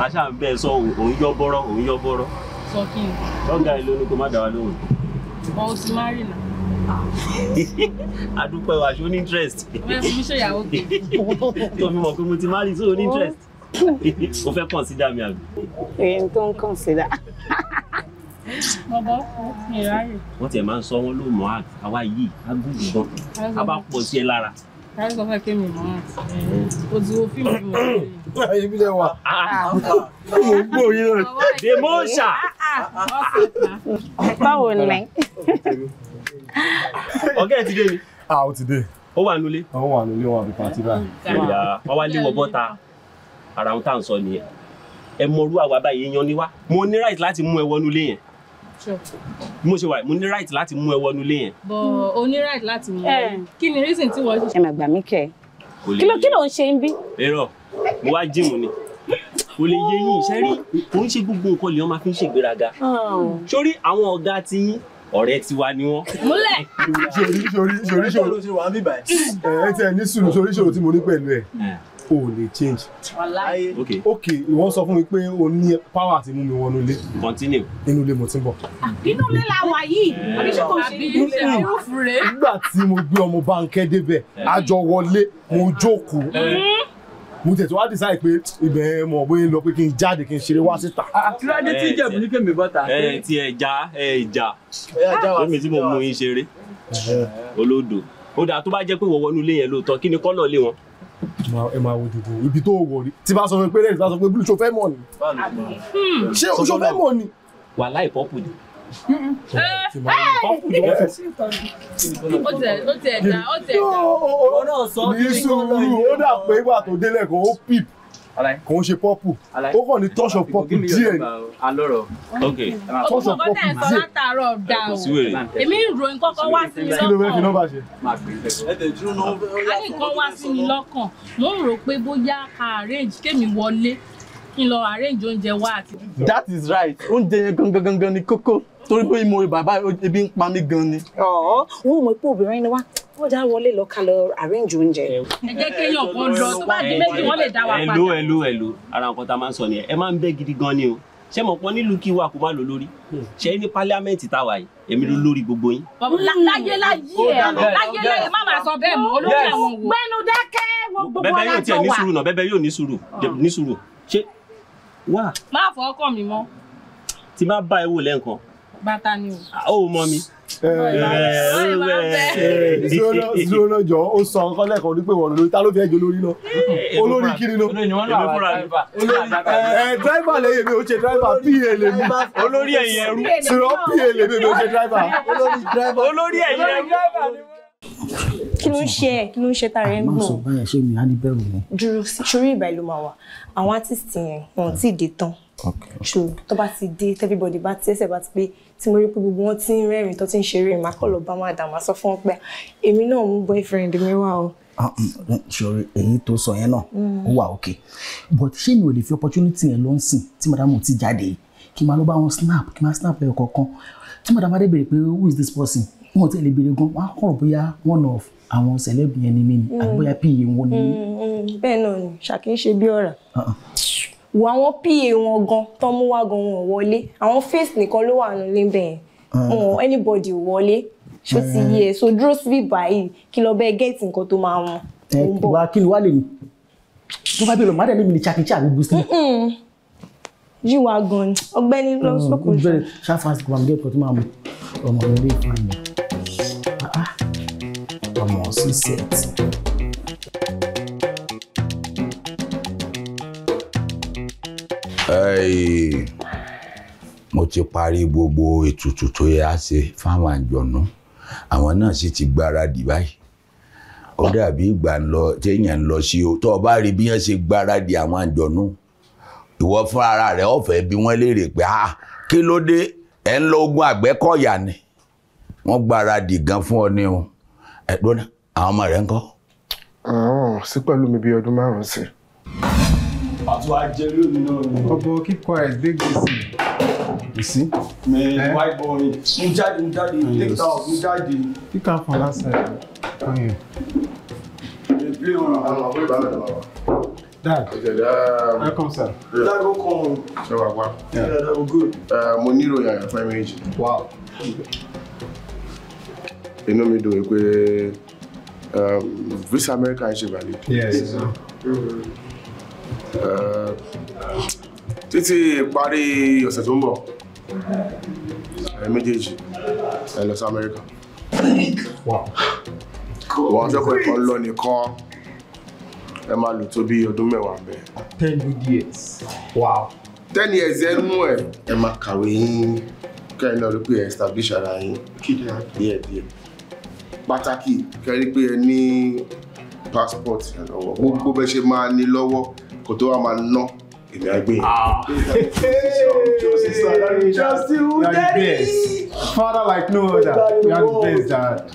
aṣáà ń bẹ́ẹ̀ sọ òun yọ bọ́rọ̀ òun yọ bọ́rọ̀. sọ kí n. lọ́gàá ìlú ni kò má dá wa lóhùn
wọn ò sì
má rìn náà.
adúpẹ́ wa ṣó ní interest. ọmọ mi ṣe ìyàwó kejì. tó fi mọ̀ pé mo ti má rìn sóò ní oh. interest. o fẹ́ consider mi àbí.
èyí tó ń consider.
Bọ́bọ́ mi ráyè.
Wọ́n tiẹ̀ máa ń sọ wọ́n ló mọ̀ ah, àwa yìí, á gùn gan. A bá pọ̀ sí ẹ lára
kárí kan fẹ́ ké mi mọ́
o ti wo fíìmù mi mọ́ ẹ̀yìn ibi lẹ wà mo ń gbọ́
yín
náà demosa. Ah,
ah, báwo ni.
ọ̀gá ẹ̀ ti dé mi. a ah, ó ti dé. ó wà nulẹ̀. ó wà nulẹ̀ wọn àbí pàtí báyìí. wọ́n wá léwọ́ bọ́ta ara ohun tá à ń sọ nìyẹn ẹ mọrú àwa báyìí yan ni wá mo ní right láti mú ẹ wọnú ilé yẹn mo ṣe wà mo ní right láti mú ẹ wọnú ilé yẹn.
bọ o ní right láti mú ẹ kí ni reason tí wọ́n. ẹ mà gbà mí kẹ kí ló kí ló ń ṣe ń bí.
èrò mo wá jíìmù ni kò lè yé yín iṣẹ́ rí kò ń ṣe gbogbo nǹkan lèèyàn máa fi ń ṣègbéraga sórí àwọn ọ̀gá ti yín ọ̀rẹ́ tiwa ni wọ́n.
múlẹ̀. sori sori sori sori sori
wà á bíbà
ẹ̀ ẹ̀ tẹ̀ ní sùúrù sori sori tí mo ní pẹ̀lú ẹ̀ o ò change. Okay. Okay. ìwọ sọ fún mi pé o ní power àti mú mi wọnú ilé. continue. inú ilé mo ti ń bọ̀.
Ah, inú ilé la wà yìí eh. àbí ṣé kò ṣe
inú ilé rúfù rẹ. nígbà tí mo gbé ọmọ Bánkẹ́ débẹ̀ eh. a jọ wọlé mo eh. jókòó mo tẹ̀ tó wá decide pé ibẹ̀ ẹ mọ̀ bóyá lọ pé kí n jáde kí n ṣeré wá síta.
àtúrádé ah, ah, tí ìjẹ̀bù ní kèmí bọ́ta. ẹ ti ẹ já ẹ ìjà lómi tí mo mú yín ṣeré olódò ó dáa tó bá jẹ́ pé wọ́n wọnú ilé yẹn lóòótọ́ kí ni kọ́lọ̀ lé wọn
ẹ máa wo dòdò ibi tó wọ̀ rí tí bá sọ fún pé rẹ̀ tí bá sọ pé blue ṣòfẹ́ mọ̀ ni
ṣé ṣòfẹ́
mọ̀ ni. wàhálà ìpọ́pù ni
ó tẹ̀ ó tẹ̀ dá ó tẹ̀ dá. ní
sùúrù ó dà pé ìgbà tó délẹ̀ kan ó pip kò ń ṣe pọ́pù ó kàn ní touch of pọ́pù díẹ̀
ni. touch of pọ́pù díẹ̀ látàárọ̀ èmi ń
ròyìn kọ́kọ́ wá sí mi lọ́kàn kí ló fẹ́ fi nọ́mbà ṣe. a ní wá sí mi lọ́kàn mo ń rò pé bóyá ká arrange kémi wọlé kí n lọ arrange oúnjẹ wá àti.
that is right oúnjẹ yẹn gangan gangan ni kókó torí pé mo rí bàbá ebi ń pa mí gan ni. ọ̀ọ́ mọ̀ pé obìnrin ni wá wọ́n já wọlé lọ ká lọ arrange oúnjẹ.
ẹ jẹ́ kéèyàn kan lọ tó bá di méjì wọ́n lè dá wa padà. ẹ̀lò
ẹ̀lò ẹ̀lò ara nǹkan tá a máa ń sọ nìyẹn ẹ máa ń bẹ́ gidi gan ni o ṣé mo pọn nílùú kí wà kó má lò lórí hmm. ṣe ní pálíámẹ́ǹtì táwa yìí èmi ló lórí gbogbo yín.
láyé láyé ẹ láyé láyé má máa sọ bẹ́ẹ̀ mọ́ olórí àwọn wò. gbẹ́nu dákẹ́ gbogbo alájọ
wa. bẹ́ẹ̀ yóò tiẹ̀ ní sùúrù náà bẹ́ẹ̀ yóò zoro jọ ó sọ nǹkan lẹ́kọ̀ọ́ ní pé wọ́n lórí ta ló fi ẹjọ́
lórí náà
olórí kiri náà ẹ
dráìvà lẹ́yìn mi ò ṣe dráìvà pa lèmi olórí ẹ̀yìn ẹrú sọ̀rọ̀ pa lèmi mi ò ṣe dráìvà olórí
ẹ̀yìn ẹrú kí ló ń ṣe ẹ kí ló ń ṣe tá a rẹ ń gbọn. àmọ́ sọ
báyẹn ṣé mi á
ní bẹ̀rù mi.
dúró sórí ìgbà àwọn artist yẹn wọn ò tí ì dé tán. so tó bá ti dé everybody bá ti bá ti pé tí mo rí pé gbogbo wọn ti ń rẹ́rìn tó ti ń ṣeré ìmá kọ́ lọ bá má dà má sọ fún wọn pé èmi náà mú boyfriend mi wá o.
ṣòro ah, mm, mm,
èyí tó sọ yẹn náà ó wà òkè but ṣé mi ò lè fi opportunity yẹn ló ń sìn tí madamu ti jáde kí n máa lọ bá wọn snap kí n máa snap ẹyọ kọ̀ọ̀kan tí madamu adé béèrè pé who is this person wọn ti lè béèrè gan wọn á kọ̀ bóyá one of àwọn celebrity yẹn ni mí ni àbí bóyá pa wọn ni mí.
Mm, bẹ́ẹ̀ náà ni ṣàkíyèsí bí ọ̀rà. Ah, ah wo àwọn pa wọn gan tó mú wá gan wọn wọlé àwọn face nìkan ló wà nílé bẹ́ẹ̀ wọn anybody wọlé
ṣó
ti yí ẹ
so dúró síbí báyìí kí lọ bẹ gẹ́ẹ̀tì nǹkan tó máa wọn.
ẹ wá kí ni wàá
lè ní tó bá bẹ̀rẹ̀ mọ́tẹ́ níbi ni chakíchí àgbègbè sí
yíwa gan ni ọ̀gbẹ́ni lọ sọkò
ṣáfà àsìkò àmì gẹ́gẹ́ tó máa mú ọmọ ilé ìfẹ́ mi
ọmọ
sísẹ́ẹ̀tì.
mo ti parí gbogbo ètùtù tó yẹ á ṣe fáwọn àjọ̀nú àwọn náà sì ti gbáradì báyìí ó dàbí ìgbà ńlọ téèyàn ń lọ sí o tó o bá rí bí wọ́n ṣe gbáradì àwọn àjọ̀nú ìwọ fún ara rẹ ọ̀fẹ́ bí wọ́n léèrè pé ah kí ló dé ẹ̀ ń lọ ogun àgbẹ́kọ̀yà ni wọ́n gbáradì gan fún ọ ní o ẹ̀ lónà àwọn ọmọ rẹ ń kọ́.
sí pẹ̀lú mi bíi ọdún márùn-ún sí
pàtó ajẹ́rí òní náà ni. keep quiet big reason.
you see.
man eh? white boy n jáde n jáde oh, take that off n jáde. pick am from that side. come here. dey play on am. àwọn ọmọ
ìbálẹ̀ ló Dad. Okay, um, Welcome, sir. Yeah. Dad, welcome. Ṣé wàá wá? Yeah, yeah that was good. Uh, mo ní ìròyìn àyàn fún ẹ̀mí méjì. Wow. Inú mi dùn pé um, Visa America ń ṣe valid. Yes, sir. Eh, títí ìparí ọ̀sẹ̀ tó ń bọ̀ ẹ méjèèjì ẹ lọ sí amẹ́ríkà wọ́n jẹ́ pé kan lọ nìkan ẹ máa lò tó bí ọdún mẹ́wàá bẹ́ẹ̀. ten years wow. ten years ẹ mú ẹ ẹ máa kàwé yín kẹ́rin lọ rí pé ẹ establish ara yín díẹ̀ díẹ̀ pàtàkì kẹ́rin pé ẹ ní passport lọ́wọ́ gbogbo bẹ́ẹ̀ ṣe máa ní lọ́wọ́ kò tó wá máa ná èmi á gbé yẹn. Ah. father like no other you are the best dad.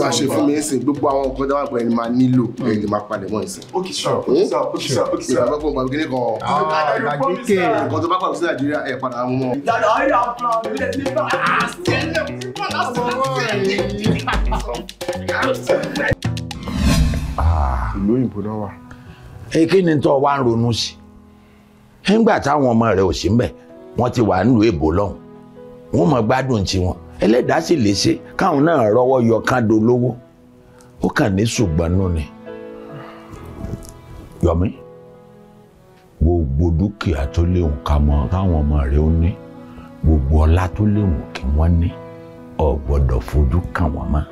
máa ṣe fún mi ẹ̀sìn gbogbo àwọn nǹkan tó wà pẹ̀lú ẹni máa nílò hmm. ẹni máa padà mọ́ ẹ̀sìn. ok hmm? sure ok sure ok sure ok sure. ìgbàgbọ́ fún gbàgbé kan. àgbàgbé ah, nǹkan tó bá pàdé sí nàìjíríà ẹ̀ padà mú mọ́. ìdájọ́ ayé àbúrò mi lè ní bá
a sílẹ̀ fún ọ̀la sílẹ̀.
ìlú òyìnbó náà wà ẹ ni tó wá ń ronú sí nígbà táwọn ọmọ rẹ ò sí mbẹ wọ́n ti wà nílùú èbó lọ́hùn wọ́n mọ gbádùn tiwọn ẹlẹ́dàá sì lè ṣe káwọn náà rọ́wọ́ yọ kán dolówó ó kàn ní ṣùgbọ́n nù ni yọmí gbogbo dúkìá tó léwu káwọn ọmọ rẹ ó ní gbogbo ọlá tó léwu kí wọ́n ní ọ fojú kàn wọ́n mọ́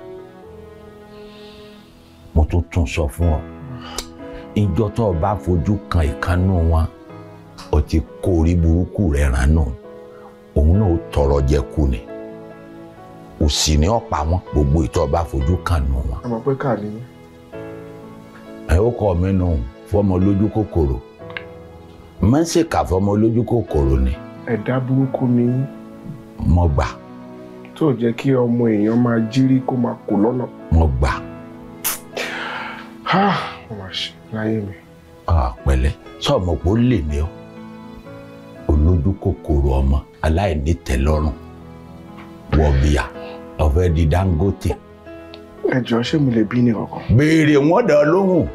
mo tún tún sọ fún ọ ìjọ tó o bá fojú kan ìkànnú wọn o ti kó orí burúkú rẹ ránù òun náà tọrọ jẹ kú ni òsì ní ọ̀pá wọn gbogbo ìtọ́ bá fojú kànú wọn.
àmọ́ pé kà ní.
ẹ ó kọ mí fọmọ lójú kòkòrò máa fọmọ lójú kòkòrò ni.
ẹ̀dá burúkú ni. mo gbà. tó o jẹ́ kí ọmọ èèyàn máa jírí kó máa kó lọ́nà. mo gbà. ha mo máa ṣe
láyé mi. àpẹẹlẹ sọmọ pé ó lè ní ọ olójú kòkòrò ọmọ aláìnítẹ́lọ́rùn wọbíà ọfẹ di Dangote. ẹ jọ ṣé mi lè bí ní kankan. béèrè wọn dá lóhùn.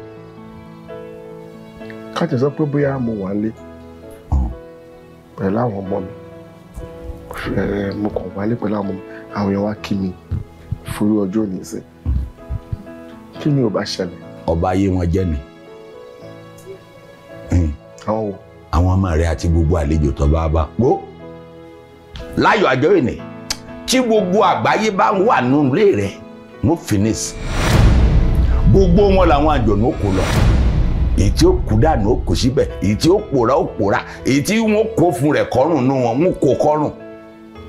káàtì sọ pé bóyá mo wà lé pẹ̀lú àwọn ọmọ mi mo kàn wálé pẹ̀lú àwọn ọmọ mi àwọn èèyàn wá kí mi
fúru ọjọ́ òní sí kí ni ò bá ṣẹlẹ̀. ọba ayé wọn jẹ́ ni tán o. àwọn ọmọ rẹ àti gbogbo àlejò tó bá bá pọ̀ láyọ̀ àjọ ìní tí gbogbo àgbáyé bá ń wà nínú rẹ mo finish gbogbo wọn làwọn àjọ̀nú kò lọ èyí tí ó kú dànù ó kù síbẹ̀ èyí tí ó pòórá ó pòórá èyí tí wọ́n kó fún rẹ̀ kọ́rùn nù wọn ń kó kọ́rùn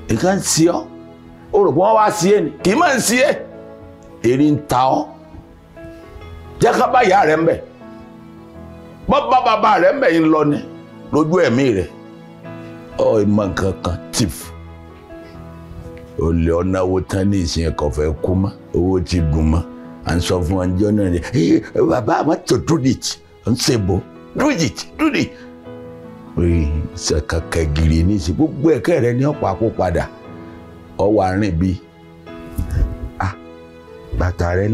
nǹkan ń sí ọ́ o rò pé wọ́n wá sí ẹ ni kì í máa ń sí ẹ èrè ń ta ọ́ jẹ́ ká bá ìyá ń bẹ̀. bàbá bàbá rẹ̀ mẹ́yìn lọ ni lójú ẹ̀mí rẹ̀ ọ ìmọ̀ nǹkan kan tìf olè ọ̀nà owó tán ní ìsìn ẹ̀kọ́ fẹ́ kú mọ́ owó ti dùn mọ́ à ń sọ fún ọjọ́ náà ni bàbá tó dúdìt ń ṣe bò dúdìt dúdìt ní ìsìn gbogbo ẹkẹ rẹ padà ah, bàtà rẹ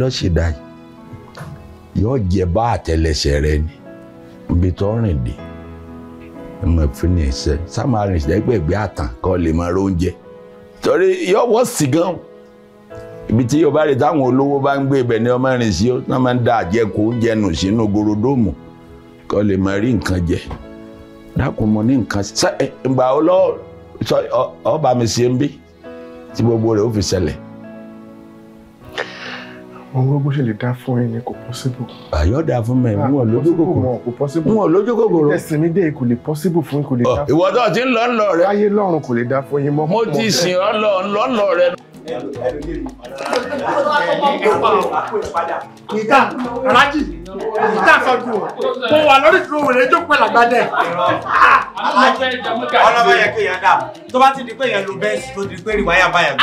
bá rẹ ni ibi tó rìn dé ẹ mọ̀ fi ní ìṣe sáà máa rìn ìṣẹ́gbẹ̀gbẹ́ àtàn kọ́ lè máa róúnjẹ torí yóò wọ́ sí gan ibi tí yóò bá rí táwọn olówó bá ń gbé ibẹ̀ ni ọmọ rìn sí ó náà máa ń da àjẹkù oúnjẹ nù sínú gorodóòmù kọ́ lè máa rí nǹkan jẹ dákun mo ní nǹkan ṣe ìgbà ọlọ́ ọba mi ṣe ń bí tí gbogbo rẹ̀ ó fi ṣẹlẹ̀
òun gbogbo ṣe lè dá fún ẹni kò possible. àyọ̀ dá fún mi mú ọ lójú kòkòrò mú ọ lójú kòkòrò. ìtẹ̀sìn mi dé kò lè possible fún kò lè dá ìwọ tó ti
ń lọ ńlọ rẹ.
ayé lọ́run kò lè dá fún yín mọ́. mo ti sìn ọ lọ ńlọ ńlọ rẹ.
kíkà rájì tá a sọ ju
o mo wà lórí ìdúró wèrè jó pẹ́ làgbádẹ́.
ọlọ́mọ yẹ kéèyàn dà tó bá ti di pé yẹn lo bẹ́ẹ̀sì tó di pé ìwáyà báyà gbé.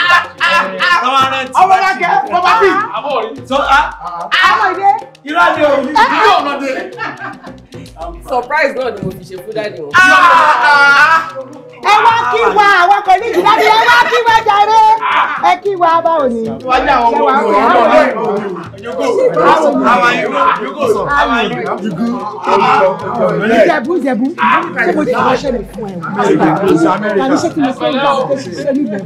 tọ́wọ́ rẹ ti bá ti di bọ́bá bì. àmọ́ ìdè. irọ́ ni o ní ìdílé ọ̀nà dé.
surprise náà ni mo fi ṣe fún dáàdi wọn.
Ah! ẹ wá kí wa àwọn kan níbi láti ẹ wá kí wa jàre ẹ kí wa báwo ni. wájà àwọn ọmọ òun
ọmọ náà yogo àwọn yogo àwọn yogo. ìjẹ̀bú
ìjẹ̀bú ṣé mo ti wá ṣe lè fún ẹ wá.
tàbí ṣé kí n fẹ́ gbà
pé ṣiṣẹ́ níbẹ̀.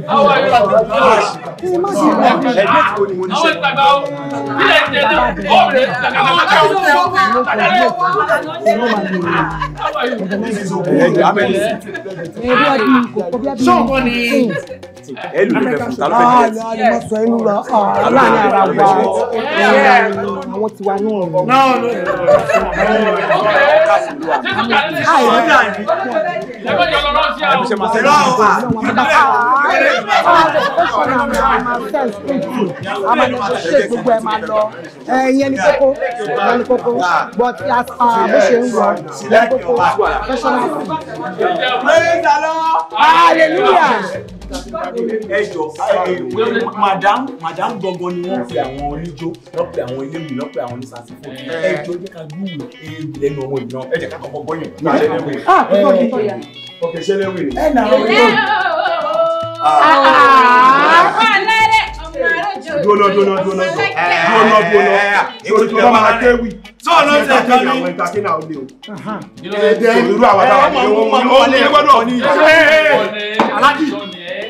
kí ni
má ṣe bá mi. ẹgbẹ́ tí mo ní mo ní ṣe. ilé ìjẹ́ tó ó lè ṣàkàtà ṣọ́ọ̀bọ ni ẹlù ló fẹ́ fún ta ló fẹ́ jẹ́. àlọ́ àlọ́
sọ inú wa aláàánú ara wa àwọn ti wá náà rọ. náà ló ń bọ̀
ẹ̀yẹn ni kókó ẹ̀yẹn ni kókó
but as bó ṣe ń lọ ẹ̀yẹn kókó fẹsọ̀nà
hallelujah ẹjọ madam madam gbọgbọn
ni
wọn pe
àwọn oníjó wọn àwọn ilé mi wọn àwọn onísàsífò ẹjọ jẹ ká gbúwò ewu
lẹ́nu ọmọ ìlú náà ẹjẹ ká kọ́kọ́ ní alẹ́ lẹwẹ ọkẹ ṣẹlẹwẹ
ẹ nà ah. ọ
yọ dúró dúró dúró
dúró dúró dúró èwo tí o bá máa kéwì tí o lọ sí ẹ̀ka ní àwọn ẹ̀ka kí náà lè
o
ẹ̀ẹ́dẹ́ ìlú àwọn àwọn àwọn ọmọ ọmọ ọmọ ẹ gbọ́dọ̀ ní aláàjì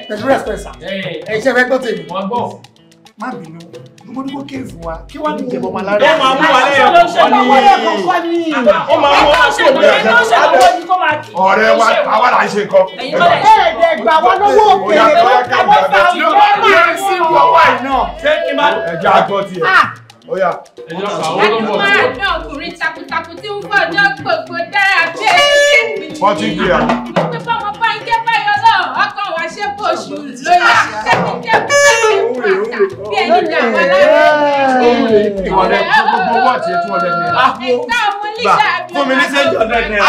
pẹ̀lú rẹ̀ pẹ̀sà ẹ̀ṣẹ̀ fẹ́ gbọ́ tèmi má bínú mo ní kó kéèfù wa kí wàá ní ìjẹ̀bọ̀ máa lára. ó máa mú wa lẹ́yìn ọ̀pọ̀ ní ó máa mú wa kó lè ọ̀jẹ̀ ọ̀rẹ́ wa àwa là ń ṣe nǹkan. ẹ̀ẹ́dẹ̀gbà
wọn lówó òkèèrè wọn káwọn fà ọ̀jọ̀ máa ń bọ̀. ẹ̀jẹ̀ àgbọ̀ tiẹ̀. Ah! Ọya. Ẹjọ́ àwọn ló ń bọ̀. Láti máa
dán ọkùnrin takuntakun tí ń bọ̀ ní ọ̀pọ̀pọ̀ dára bí èyí. Fọ́tí kì í à. Mo pe bá ń báyọ̀ lọ, ọkàn wa ṣe bó oṣù lórí àtẹ́kíkẹ́
bí ẹni
dàgbà lára. Ìwọ̀n gbogbo owó àti ètò ọ̀lẹ́ni. Ìgbà gbà
fún mi ní sẹ́yìn ọ̀dọ̀ náírà.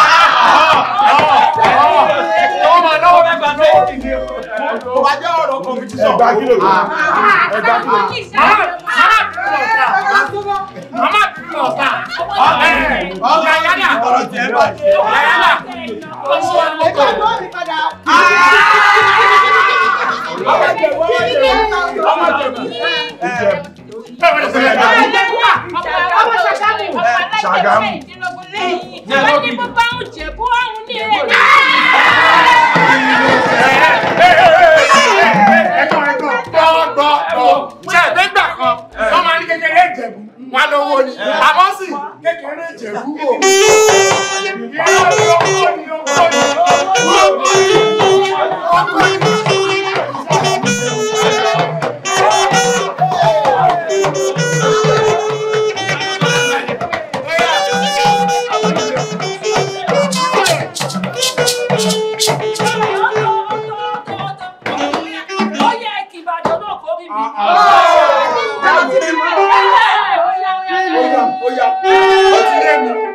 ó
máa náwó mẹ́gbà tó ó kì í ní o. wà á jẹ́ ọ̀rọ̀ kọ̀mpitíṣọ̀.
ẹgbà kílò ló ẹgbà kílò.
mama kìlọ̀ ọ̀tá.
ọ̀gá yálà. ọ̀rọ̀ tiẹ̀ bá
tiẹ̀. ọ̀gá yálà. ẹgbẹ́ tó ń padà. ọmọ jẹ̀bú ọmọ jẹ̀bú ọmọ jẹ̀bú ọmọ ṣàgámù ṣàgámù wọ́n ní bó bá ń jẹ́ bó ọ̀hún ní rẹ̀ ní. ẹ̀kọ́ ẹ̀kọ́ gbọ́ gbọ́ gbọ́ ṣe ẹ̀dẹ́gbà
kan wọ́n máa ní kékeré ìjẹ̀bú wọn lówó ni àmọ́ sì kékeré
ìjẹ̀bú o. Thank you. Ó yá ó yá ó ti rẹ̀ mí.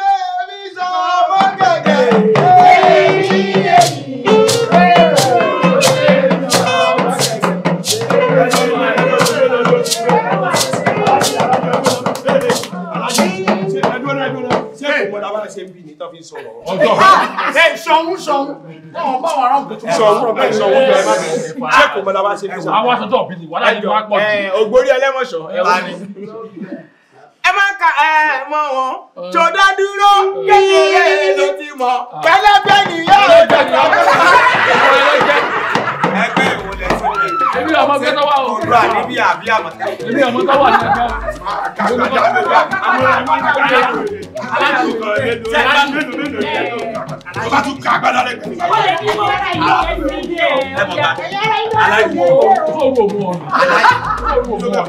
Báwọn báwọn ará òkú tún bá wọn bẹ́ẹ̀ sọ wọ́n bẹ́ẹ̀ má bẹ́ẹ̀ ṣé kò mọ̀ lábá
máa ka ẹ mọ wọn, jọ̀dá dúró
kékeré ló
ti mọ̀,
pẹlẹbẹ nìyẹn
Ẹgbẹ́
ìwòlẹ̀ sílẹ̀ èmi ọmọ gbé tọ́wọ́ o. olú àníbí àbí àmọ̀tá. èmi ọmọ tọ́wọ́ àti ẹgbẹ́
o. kàkà jáde bá àwọn ọmọ ìgbàlódé aláàtú kan lédo lédo lédo lédo tó bá tún kà gbádà rẹ pẹ̀lú. wọ́n lè ní ìwọ ara ìlú ẹ̀sìn ìdè ẹ̀yà aláìwọ̀ owó mu ọ̀nà owó mu ọ̀nà owó mu ọ̀nà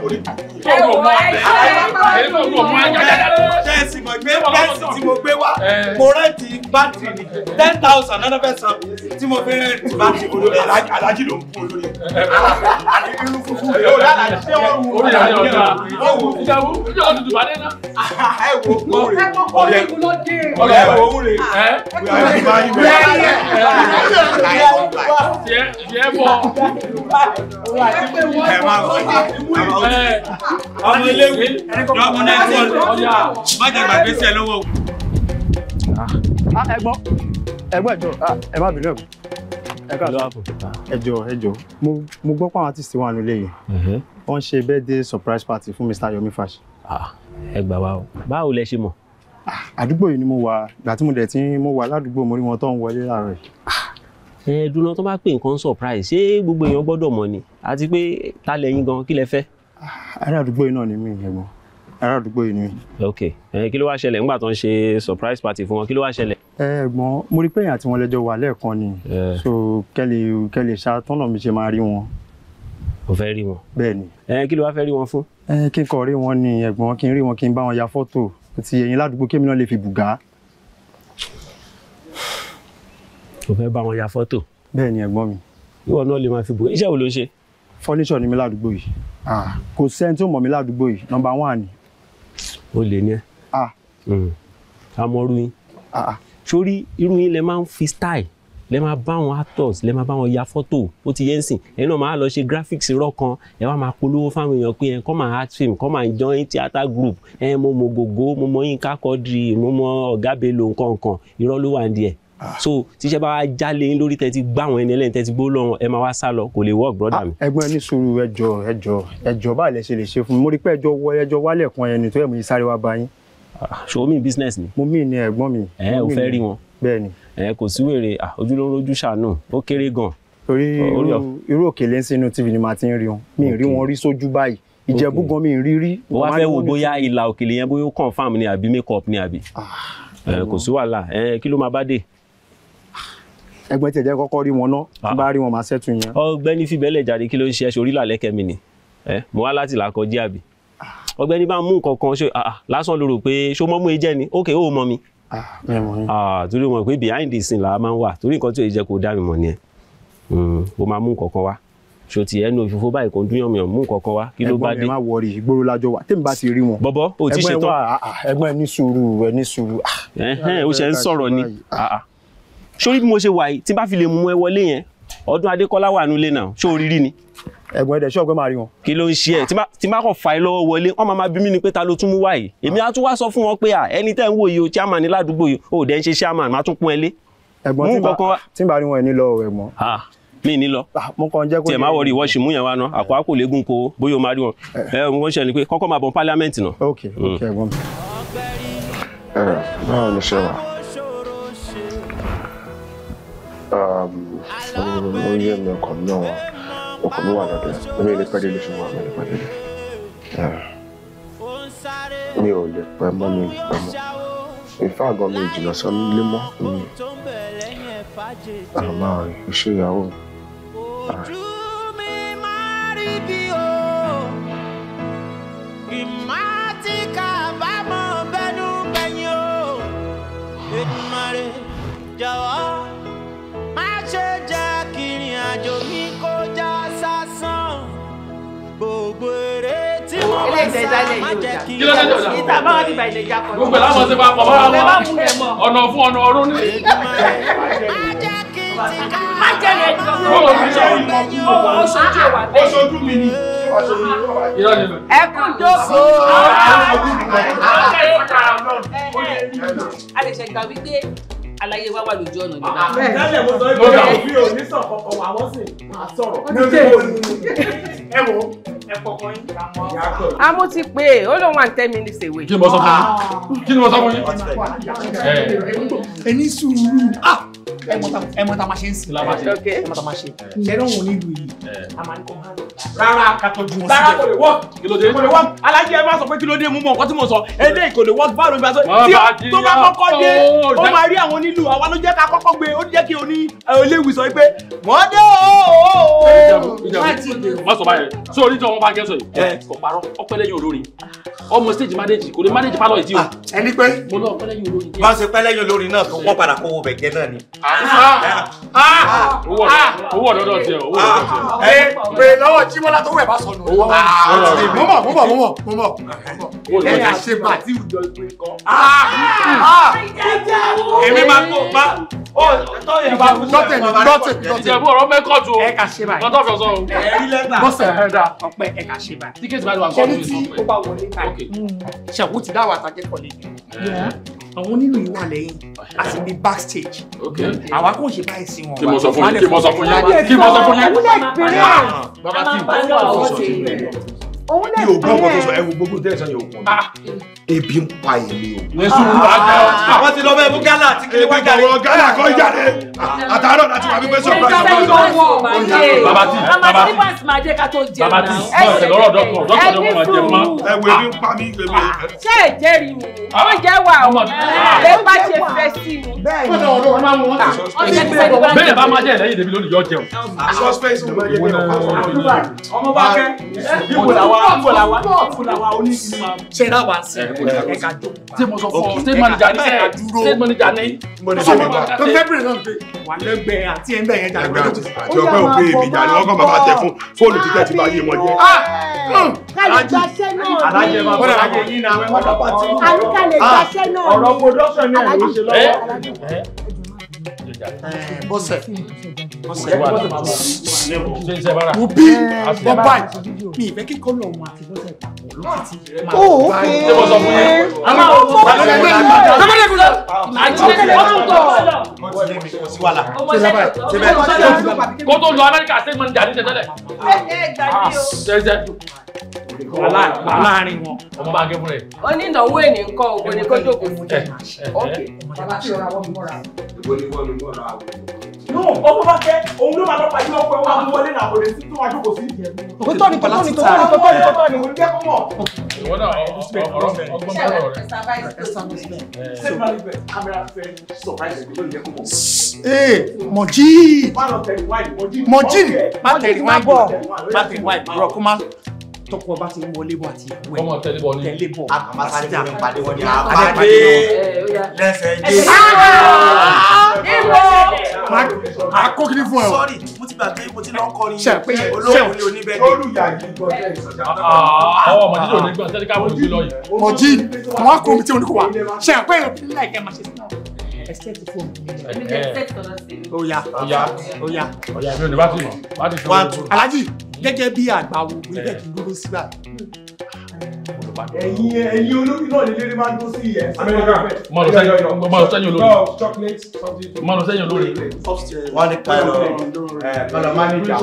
owó mu ọ̀nà. tẹ́sí mo gbé tẹ́sí tí mo
gbé wá mo
rẹ́ẹ̀tì bátìrì ten thousand nine hundred and seven tí mo fi rẹ́ẹ̀tì bátìrì olórí alájí ló ń kú olórí irú funfun yóò dára ẹjọ
ẹ má bínú ẹ̀gbọ́n ẹ ká lọ ẹjọ ẹjọ mo gbọ́ pé àwọn artist wà nílé yìí mm-hmm. wọ́n ṣe birthday surprise party fún Mr. Yomi Fash. Ah, ẹ gbà wá o báwo lẹ ṣe mọ̀. Ah, àdúgbò yìí ni mo wà ìgbà tí mo dẹ̀ ti mo wà ládùúgbò mo rí wọn tó ń wọlé láàárọ̀ yìí. Ah, ẹ dúró tó
bá pè nǹkan surprise ṣé gbogbo èèyàn gbọ́dọ̀ mọ̀ ni àti pé ta lẹ́yìn gan kí lẹ fẹ́. ará àdúgbò yìí náà ni mí ìyẹn ará àdúgbò yìí ni. ok kí ló wá ṣẹlẹ̀ nígbà tó ń ṣe surprise party fún wọn kí ló wá ṣẹlẹ̀.
ẹ mo rí pé èèyàn àti wọn lẹ́jọ́ wà lẹ́ẹ̀kan ni so kẹlẹ kẹlẹ ṣàtọnà mi ṣe máa rí wọn. o fẹ́ rí wọn. bẹ́ẹ̀ni. ẹ kí ló wá fẹ́ rí wọn fún. ẹ kí n kọ rí wọn ni ẹ̀gbọ́n kí n rí wọn kí n bá wọn ya fọ́tò ti ẹ̀yin ládùúgbò kémi náà lè fi bùgá. o fẹ́ bá wọn ya fọ́tò. bẹ́ẹ̀ni ẹ̀gbọ́n mi. ìwọ náà lè máa fi bùgá iṣẹ́ wo ló ń ṣe. fọ́níṣọ̀ ni mi ládùúgbò yìí kò sẹ́ni tó mọ̀ mi ládùúgbò yìí nọ́mbà wán ni o lè ní ẹ.
Hmm.
amọ̀rú yín sórí irú yín lẹ máa ń fi style lẹ máa bá wọn actors lẹ máa bá wọn ya fọ́tò ó ti yẹ ń sìn ẹ̀yin náà máa lọ ṣe graphics rọ kan ẹ wá máa polówó fáwọn èèyàn pé ẹ kọ́ máa act film kọ́ máa join theatre group ẹ mo mọ gògó mo mọ Yínká Quadri mo mọ ọ̀gá Bello nǹkan nǹkan irọ́ ló wà ń di ẹ̀. Ah. so tíṣẹ́ bá wá jálé lórí tẹ́ ti gbá àwọn ẹni ẹlẹ́ni tẹ́ ti gbó lọ́wọ́ ẹ máa wá sá lọ kò lè work brother ah, mi.
ẹ̀gbọ́n ní sùúrù ẹjọ ẹjọ ẹjọ báà lẹ ṣe lè ṣe fún mi mo rí pé ẹjọ wọ ẹjọ wálẹ̀ kan ẹni tó yẹ mo sáré wá bá yín. Ah, ṣòwò mi business ni. mo mí
ni ẹ̀gbọ́n mi. ẹ ò fẹ́ rí wọn. bẹ́ẹ̀ni. ẹ kò sí wèrè ojúlówó ojú ṣàánú ó kéré gan.
torí irú òkèlè ń sinú tv ni màá ti ń rí wọn mi ì rí wọn rí sójú báyìí ìjẹ̀bú gan mi rí rí. ó wá fẹ́ wo bóyá
ìlà òkèlè yẹn bóyá ó confam ni àbí make up ni àbí kò sí wàhálà kí ló máa bá dé
ẹgbẹ́ tí ẹ̀jẹ̀ kọ́kọ́ rí wọn náà tí ah. bá rí wọn máa ṣẹ́tù yẹn.
ọ̀gbẹ́ni fìbẹ́lẹ̀ jáde kí ló ń ṣe ẹṣọ orí làlẹ́kẹ́ mi ni ẹ mo wá láti làkọjí àbí ọ̀gbẹ́ni bá mú nǹkan kan ṣe ah, ah, lásán ló rò pé ṣó mọ́ mú jẹ́ ni ok ó mọ mi. torí mo pé behind the scene làá máa ń wà torí nǹkan tí ò jẹ́ kó dá mi mọ̀ ni ẹ o hmm, máa mú nǹkan kan wá sòtì ẹnu òfìfo báyìí kò ń dúnyàn mìíràn mú nǹkan kan wá kí ló bá dé. ẹ̀gbọ́n mi máa
wọrí ìgboro lájọ wa tèmi bá ti rí wọn. bọbọ o ti ṣe tán ẹ̀gbọ́n wa ẹ̀gbọ́n ẹ ní sùúrù ẹ ní sùúrù.
ẹhẹn o ṣe ń sọ̀rọ̀ ni sórí bí mo ṣe wà yìí tí bá fi lè mú ẹ wọlé yẹn ọdún adékọlá wà nílé náà ṣó rírí ni. ẹ̀gbọ́n ẹ̀dẹ̀ ṣọ́ọ̀gbẹ́ máa rí wọn. kí ló ń ṣe ẹ̀ tí má kàn fà í lọ́wọ́ wọlé wọ́n máa bí mi ni pé ta ló tún mú wá yìí èmi á tún wá sọ fún wọn pé ẹni tẹ́ ń wò yìí o chairman ní ládùúgbò yìí o dẹ̀ ń ṣe chairman má tún pọ́n ẹ lé.
ẹ̀gbọ́n tí bá rí wọn ẹ̀ ní lọ ẹ̀gbọ́n. mi
ní lọ tiẹ̀ má wọrí ìwọ́ṣì mú yẹn wá ná àpò àpò lẹ́gùn kó bóyá o má rí wọn eh. ẹ náà. ok ok
mm. ẹ̀gbọ́n
Um,
oyè ah. ah. mi ọkàn mi náà ọkàn ìfẹ́ àgọ́ mi ìjìnlẹ̀ sọ nílé mọ́ àmọ́ iṣẹ́ ìyàwó mi.
ìjà ìdálẹ̀ ìjà kí ló dé dọ̀dà ìta bá wà nígbà ìjà kọ̀ gbogbo ẹ̀ láwọn ṣe máa pọ̀ bára
wọn ọ̀nà fún ọ̀nà ọ̀run ní. má
a
lè ṣègbà wípé aláyé wá wà lójú ọ̀nà ah,
nígbà. lálẹ́ ah. mo sọ pé mi
ò ní sàn
kankan wà wọ́n sì máa sọ̀rọ̀. ẹ wo ẹ kọkọ yín.
amú ah, ti pè é ó lóun wà ní ten minutes away. kí ni mo sọ fún
yín kí ni mo sọ fún yín. ẹni sùúrù ẹmọ tá eh. eh. a máa ṣe ń sìn la máa ṣe ẹmọ tá a máa ṣe ṣẹ́rọ̀ òun
nílùú
yìí a máa ní kọ́ máa lọ.
rárá ká tọ́jú wọn síbẹ̀ rárá kò lè wọ́n kí ló dé kò lè wọ́n alájẹ ẹ má sọ pé kí ló dé mú mọ nǹkan tí mo sọ ẹdẹ kò lè wọ́n bá lóbi àṣọ tí tó bá kọ́kọ́ dé oh, oh, oh, ó máa rí àwọn onílù àwa ló jẹ́ ká kọ́kọ́ gbé ó jẹ́ kí oní eléwì eh, sọ pé wọ́n dé ooo. ọmọ stage manage kò lè manage pálọ̀ ìdí o. Ah, ẹni pé mo lọ ọpẹlẹyìn olórin. bá a ṣe pẹlẹyìn olórin náà tó wọ́n padà kówó bẹ̀gẹ́ náà ni.
Ah, owó
owó ọ̀dọ́dọ̀ tiẹ̀ owó ọ̀dọ́dọ̀
tiẹ̀. ẹ bèrè lọ́wọ́ Jímọ́lá tó wẹ̀ bá sọnù. owó mo mọ̀ mo mọ̀ mo mọ̀ mo mọ̀. ẹ̀yà ṣe bá tí ìjọ ìpín kan. èmi máa kó bá ìjẹ̀bú ọ̀rọ̀ mẹ́kọ̀tù o ẹ̀ka ṣe báyìí lọ́tọ̀ fẹ̀sọ̀ o ẹ̀rí lẹ́tà bọ́sẹ̀ ẹ̀dá ọ̀pẹ ẹ̀ka ṣe báyìí tíkẹ́tì bá lọ àgbọ̀n mi. ṣẹ́ni tí ó bá wọlé báyìí ṣẹ̀kú ti dá àwọn àtàkẹ́kọ̀ọ́ lé Mm. àwọn oníròyìn wà lẹ́yìn a sì ní backstage mm. àwa kò ṣe báyìí sí wọn. kí mo sọ fún yín kí mo sọ fún yín kí mo sọ fún yín. bàbá kí n bá wà ó ṣe òun lè mi ò gbọ́ ọkọ̀
tó sọ ẹ wo gbogbo tẹ́lẹ̀ sọ yóò pọ̀ mi ah. ebi ń pa èmi o. lẹ́sùn wù á jẹ́ àwọn
ti lọ bẹ́ẹ̀ mú gálà àti kílé wá jáde. ọ̀rọ̀ gálà kọ́ jáde ah, ah, àtàárọ̀ láti wà wípé sọ̀rọ̀ láti wà
wípé bàbá tí bàbá tí
bàbá tí ká tó jẹun náà. bàbá tí sọ̀rọ̀ ẹ̀ lọ́rọ̀ dọ́kọ̀ dọ́kọ̀ ló máa jẹ
mọ́.
ẹ wo ebi ń pa mí ebi.
ṣé èjè rí mu ó jẹ́ wà ó lè bá ṣe fẹ́
sí mu. bẹ́ẹ̀ bá
máa jẹ́ ẹ̀lẹ́yìn débi lónìí yọ jẹun.
ọmọ bá kẹ́ ìwòlàwà pọ̀ làwa
pọ̀ làwa oníkìlì máa. ṣe ra wa sí ẹ ká jó. ṣé mo sọ fún ọ ṣé mọ̀nìjà ní ẹ
dúró ṣé mọ̀nìjà ní. mọ̀nìjà ní bàtà tó fẹ́bìrì náà pé wà lẹ́gbẹ̀ẹ́ àti ẹ̀ńbẹ̀ yẹn jàgbé lójú. àti ọgbẹ́ òkè èmi jà ni wọ́n kàn bàbá tẹ
fún fóònù títẹ̀ tí bá yé wọn jẹ́. alájẹ
máa bọ̀ láyé yín náà wọ́n máa bá tí. ọ̀rọ̀
production náà
ló ṣe lọ́wọ́. bọ́sẹ̀ òbí bọ́bá mi ìfẹ́ kí kọ́lọ̀ wọn àti
bọ́sẹ̀ ó òkè àwọn ọmọ ọmọdé kúlọ àjílẹ̀ ọ̀tọ̀
kó tó lọ amẹ́ríkà sí mọ̀ níjà ní
tẹ́tẹ́lẹ̀
láàrin wọn. ọmọ bá gé fún rẹ.
ó ní ìnáwó ènì nǹkan ògbóni kó
jókòó fún jẹ. ọkè
bàbá tí ó ra wọ́n mọ́ra.
ìbò ni wọ́n mú mọ́ra àwọn
no ọmọ bá fẹ́ òun ló máa lọ pàdé ọkọ ẹwà mú wọlé náà kò lè sí tó máa jókòó sí ìjẹ mi. tòótọ́ ni tòótọ́ ni tòótọ́ ni tòótọ́ ni tòótọ́ ni òun jẹ́ kó mọ̀. ìwọ náà ọ̀rọ̀ mi ọgbọ́n bá
rọ̀ rẹ̀. ee mọ̀jì mọ̀jì má tẹ̀rí wáìnì rọ̀ kó má tọkọ bá ti ń wọlé bọ àti ìwé ọmọ tẹlẹ bọ ni tẹlẹ bọ àkàmásáré bọ ní pàdé wọn ni àpàdé lẹsẹ
jẹ. ìwọ àkókìlì fún ẹ o. sọ́ọ̀rì mo ti gbàgbé mo ti lọ kọrin olóògùn ní oníbẹ̀ ní. olùyàgì gbọ́dọ̀ ìsọjà.
ọmọ jíjọ onígbọ̀n
tẹ́lẹ̀ káwọn lọ yìí.
mo jí wọn omi tí
oníkó wa ṣe àpẹẹrẹ bí láìka máa ṣe sí náà ẹsẹ̀ tó fún mi. ó yá ó yá ó yá ó yá. mi ò ní bá ti bá ti fi owó tó. alájì gẹ́gẹ́ bí àgbà wo ilé ìdúró síbà
yorùbá.
ẹ̀yin ẹ̀yin olórí náà lè lérí máa ń tó sí iyẹ. amẹ́ríkà
máa lọ sẹ́yìn olórí.
máa lọ sẹ́yìn olórí. wọ́n ní kálọ̀
kálọ̀ mánéjà.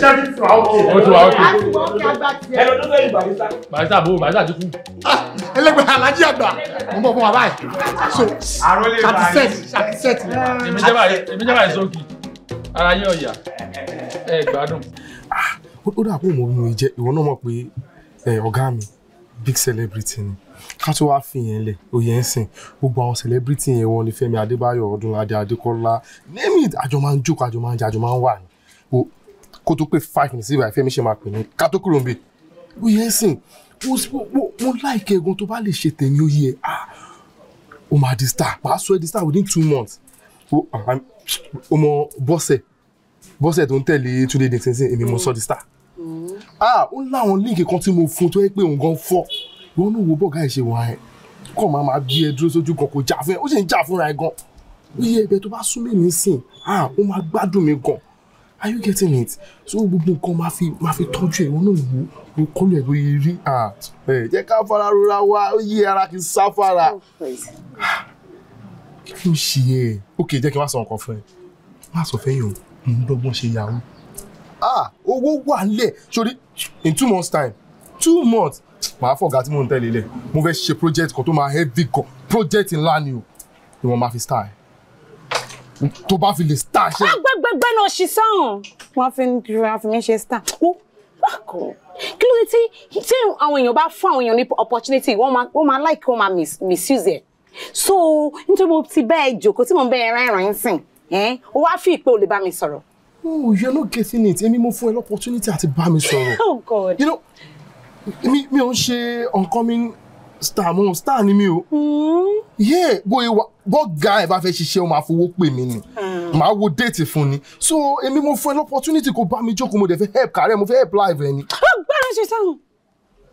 ṣé ti tù àwọn òkè. o tù àwọn òkè.
ẹ lọ lọ́dọ̀ yìí barista. barista bò barista ti kú. Ah, ẹlẹgbẹ́ alájí àgbà mo ń bọ̀ fún wa
báyìí. so satisfet satisfet. èmi jẹ́ báyìí sókì
ara yín ọ̀yà ẹ gbádùn
ah, ó dà pé òun ò jẹ ìwọ náà mọ̀ pé ẹ eh, ọ̀gá mi big celebrity ni ká tó wáá fìyẹn lẹ̀ oyè ń sìn gbogbo àwọn celebrity yẹn wọn ni Fẹ́mi Adébáyọ̀ Ọdúnládé Adékọ́lá name it àjọ máa ń jókòó àjọ máa ń jẹ àjọ máa ń wà ní kó tó pé five minutes ìbàyà Fẹ́mi ṣe máa pè ní ká tó kúrò ń bè oyè ń sìn mo láìka egun tó bá lè ṣe tèmi oyè ẹ ah o máa di star màá sọ ẹ di star within two months ah, ọmọ bọ́sẹ̀ bọ́sẹ̀ tó ń tẹ̀lé Túndé dìtínsìn èmi mo sọ di star ah ó láwọn líǹkì kan tí mo fún tó yẹ pé òun gan fọ́ ìwọ náà wo bọ́ọ̀gá ẹ̀ ṣe wà ẹ̀ kọ́ máa máa bí ẹ dúró sójú kan kò jà fún ẹ ó sì ń jà fúnra ẹ gan iye ẹ̀bẹ̀ tó bá sún nísìn ah ó máa gbádùn mi gan are you getting it so gbogbo nǹkan máa fi máa fi tọ́jú ẹ̀ wọ́n náà wò ó kọ́lù ẹ̀ lóye rí ah, ẹ jẹ́ ká fara rora wa ó yí ara kì í sá fara kí ló ṣe ẹ ok jẹ́ kí n wá sọ nǹkan fún ẹ má sọ fẹ́ yàn mo ń dọ́gbọ́n ṣe yahoo ah owó wà lẹ̀ sórí in two months time two months màá fọ̀gá tí mò ń tẹ̀lé lẹ̀ mo fẹ́ ṣe project kan tó máa heavy kan project ńlá ni o ni wọ́n máa fi star ẹ̀ tó bá fi lè star
ṣe. agbẹgbẹgbẹ ah, náà ṣì sáhùn wọn fi ń dúró àfi mi ṣe star ó bákò ah, kí ló dé tí tí àwọn èèyàn bá fún àwọn èèyàn ní opportunity wọ́n máa wọ́n máa like wọ́n máa misuse ẹ̀ so nítorí mo ti bẹ́ẹ̀ jòkó tí mo bẹ́ẹ̀ rẹ́rìn-ín sìn ó wá fi ìpè olè bá
mi sọ̀rọ̀
Oh, you're not getting it. Èmi mo fún an opportunity at bá mi sọ̀rọ̀. Oh God. You know, me, me ò ń ṣe oncoming star mo star ni mi hmm? Yeah, bó What guy ẹ̀ bá fẹ́ ṣiṣẹ́ my máa fowó pè me? My hmm. Màá date déètì fún So èmi mo fún an opportunity kó bá mi jókòó mo dẹ̀ help carry, mo fẹ́ help live ẹ ni. Ah, gbára ṣe sáwọn.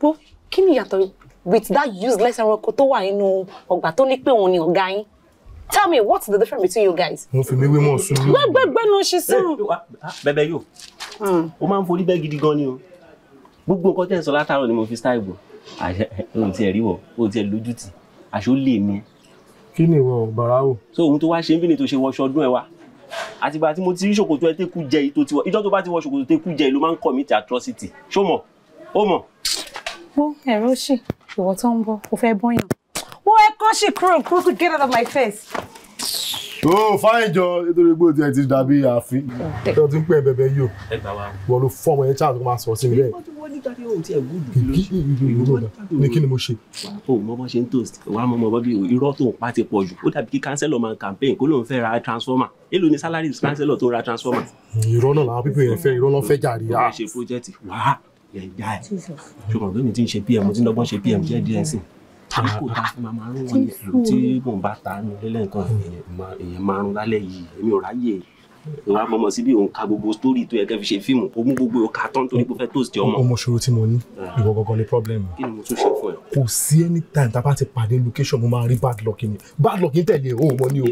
Bo kí ni ìyàtọ̀ with that useless and tó wà nínú ọgbà tó
ní pé òun ni ọ̀gá Tell me, what's the difference between you guys? Wọ́n fi mí wé mọ̀ sún. Gbẹ́gbẹ́gbẹ́ náà ṣe sún. Eh, ah, Bẹ́bẹ́ yóò. O hmm. máa ń forí bẹ́ẹ̀ gidi gan ni o. Gbogbo nǹkan tẹ̀ ń sọ látàárọ̀ ni mo fi style bò. Eh, eh, ohun ti ẹ̀ rí wọ̀, ohun ti ẹ̀ lójú tì. Àṣọ lè mi. Kí ni So ohun tó wá ṣe ń bí ni tó ṣe wọṣọ ọdún ẹ wa. Àtìgbà tí mo ti rí ṣòkòtò ẹ tẹ́kù jẹ èyí to ti wọ. Ìjọ́ tó bá ti wọ ṣòkòtò tẹ́kù jẹ ló máa ń commit atrocity. Show mọ̀? Ó mọ̀.
Gbọ́ ẹ̀rọ ṣì ìwọ tó ń bọ̀ kò fẹ́ ẹ kọ́ sí kúrò kúrò to get out of my face.
ó fáyìn jọ nítorí pé o ti ẹ ti dàbí ààfin tí o ti ń pè bẹbẹ yìí o wọn ló fọwọ ẹ chance máa sọ sí mi lẹ́yìn.
ní kí ni mo ṣe. o mọ ṣe ń toast wà á mọ mọ bí irọ́ tó ń pa ti pọ̀ jù ó dàbí kí kánsẹ́lọ̀ máa ń campaign kó lóun fẹ́ ra transformer èló ni salary kánsẹ́lọ̀ tó ra transformer.
irọ́ náà làwọn pípé yẹn fẹ́ irọ́ náà fẹ́ jàre. wọ́n ṣe project wàá yẹn já ẹ̀
ṣùgbọ́n bí mi ti ń ṣe pm mo ti ń dọ́gbọ́n ṣe pm díẹ̀ sí i kò dáa fún màmá rún wọn yẹn tí mò ń bá ta ní lẹ́lẹ́ nǹkan èèyàn márùn lálẹ́ yìí èmi ò ráyè ìwà mọ̀mọ́ síbi òun ka gbogbo sítórì tó yẹ kẹ́ fi ṣe fíìmù o mú gbogbo ọkà tán torí pé fẹ́ tóòsì ọmọ. ọmọ ṣòro tí mo ní ah. ìwọ
gangan ni problem.
kí ni mo tún ṣe fún ẹ.
kò sí any time tá a bá ti pàdé location mo máa rí bad luck ni bad luck tẹ̀lé o mọ ni o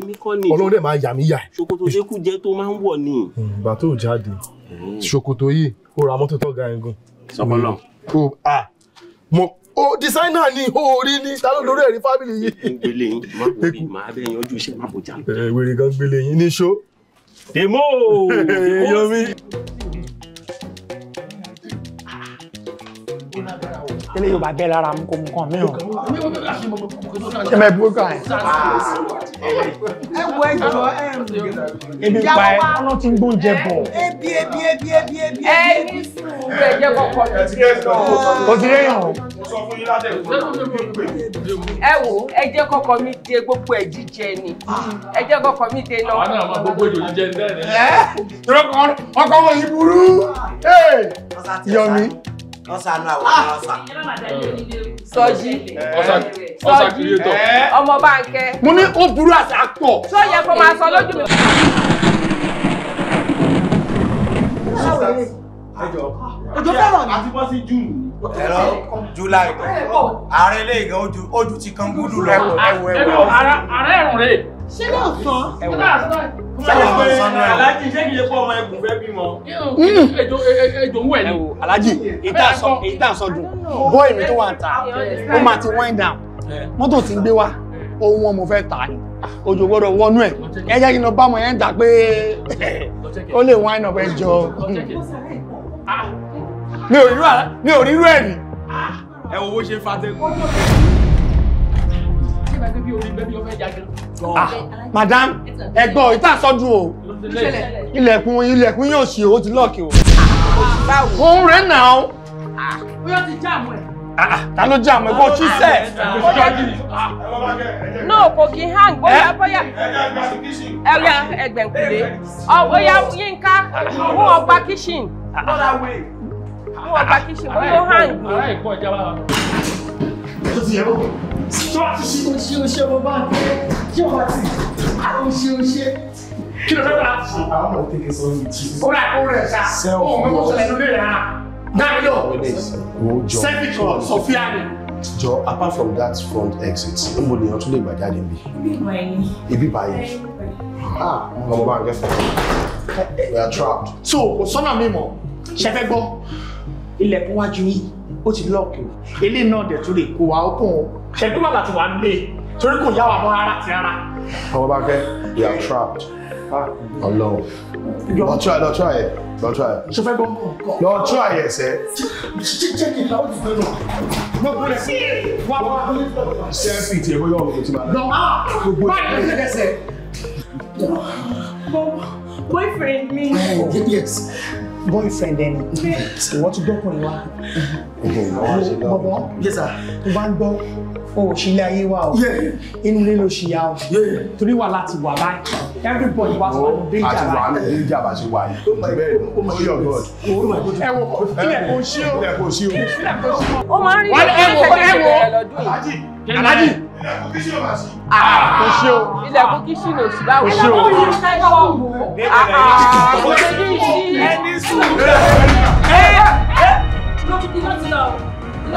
ọlọ́run dẹ̀ máa yà mí yà.
ṣòkòtò ṣekú jẹ tó máa ń wọ̀ ni.
Hmm, ìgbà tó jáde hmm. ṣòkòtò yìí o ra mọ́tò tó ga ẹ̀ gan. sọpọlọ. o hmm. ah mo o designer ni o rí ní ta ló lórí ẹ̀rí fámìlì yìí. gbélé
yín má wò ní màá bẹ́ẹ̀ yanjú iṣẹ́ má bò jà.
ẹ wèrè kan gbélé yín ní ṣó.
tèmó. yomi.
tẹ́lẹ̀ yóò bá bẹ́ẹ̀ lára mú kó mú kàn mí o.
ṣé mẹ́ búrúkú àyè.
ẹ wọ ẹjọ ẹ ń bí pa ẹ
ọ̀nà tí ń gbóúnjẹ bọ̀.
ebi ebi ebi ebi ebi. ẹ ní sùúrù rẹ jẹ kọkọ ní
o ti rí yàn o. ẹ wo ẹ jẹ kọkọ mi de gbogbo ẹ jíjẹ ni ẹ jẹ kọkọ mi de náà. àwọn náà máa gbogbo
èdè oúnjẹ ń bẹ̀rẹ̀.
ọkọ wọn yìí burú
yọmi
wọ́n sànú àwọn ọmọ ọ̀sà. sọjí sọjí ọmọ
báńkẹ́. mo
ní ó burú àṣà pọ̀. tó yẹ kó máa sọ lójú mi.
ojú fẹ́ràn ni. àti bọ́ sí june. ẹ̀rọ july ààrẹ ilé ìgbà ojú ti kan gbúdú lọ. ẹ̀wọ̀ ẹ̀wọ̀
ẹ̀wọ̀ ara ẹ̀rùn rẹ̀ ṣé náà sọ. ẹ wò aláàjì ṣé kìí ṣe fún ọmọ ẹkùn fẹ́ bímọ. Mm. ejò ń wẹ̀ ni. ẹ wò aláàjì èyí tá à
ń sọ dùn bọ́ọ̀ èmi tó wà ń ta ó máa ti wind down mọ́tò ti ń gbé wá ohun wọn mo fẹ́ ta ni ojú gbọ́dọ̀ wọnú ẹ̀ ẹ jẹ́ kí n lọ bá ọmọ yẹn ta pé ó lè wind up ẹ jọ mm. mi ò rí irú
ẹ̀ ni. ẹ wo bó ṣe fa tẹ́kùn ah
madam ẹ̀gbọ́n ìta sọdún o ilẹ̀kùn ilẹ̀kùn yóò ṣe o ti lọọkì o. òun rẹ nà ó. bóyá ti já àmú ẹ. ta ló já àmú ẹ kó tú sẹ.
náà kò kí hang bóyá bóyá ẹ̀rọ ẹgbẹ̀nkùlé ọ̀bóyá yínká fún ọgbà kíṣìn fún ọgbà kíṣìn bóyá hang. ó ti yẹ kó strategy ó ṣe ó ṣe ọmọ
báńkì yóò bá ti àwọn ṣe ó ṣe kí ló fẹ́
bá a ṣe. àwọn ọmọ tètè sọ yìí jí.
ó rà kó rẹ̀ ṣá òun mẹ́kọ̀ọ́ sọ̀rọ̀ inú lè rà dábìlò sẹ́fìkọ̀ sọ̀fíà ni.
jọ apart from that front exit níbo ni èèyàn tún lè gbà jáde bí. ibi báyìí ah ọmọ báńkì fún mi
we are trapped.
so kò sọ́nà mímọ́ ṣẹ́fẹ́ gbọ́ ilẹ̀kùn wájú yìí ó ti lọ́ọ̀kì eléyìí náà dẹ̀ tún lè kó wa ó kàn ṣẹ́gbẹ́ wà láti wà ń lé torí kò yá wa mọ́ rárá ti rárá.
ọmọ bá kẹ́ you are trapped ọlọ́run lọ try lọ try ẹ lọ try ẹ. ṣe fẹ́ gbọ́ mọ́ nǹkan. lọ try ẹ sẹ́.
jẹ́ kí n ta ó ti fẹ́ lọ. gbogbo rẹ̀ sí wà wá.
sẹ́ẹ̀fì tiẹ̀ bóyá ọ̀rọ̀ ti máa lọ.
gbogbo rẹ̀ báyìí ló ń tẹ̀sẹ̀. boyfriend mi. yes boyfriend ẹni ìwọ ti dọkùnrin wa. bọ̀bọ̀ yẹ́sà. wọ́n gbọ́ o ò sílé ayé wa o inú ilé ló ṣìyà o torí wà láti wà báyìí everybody wá sọ ní danger àti wàhálà danger bá
ṣe wà yìí oh bẹ́ẹ̀ ni oh my god oh
ẹ wo ilẹ̀ kò sí o ilẹ̀ kò sí o ilẹ̀ kò sí o. ó máa
ń rí ẹ̀wọ̀ ẹ̀wọ̀ alájì kò sí o ilẹ̀kùn kíṣì lò sí báwo kò sí o kò sí o ẹni sùn. Eh, eh,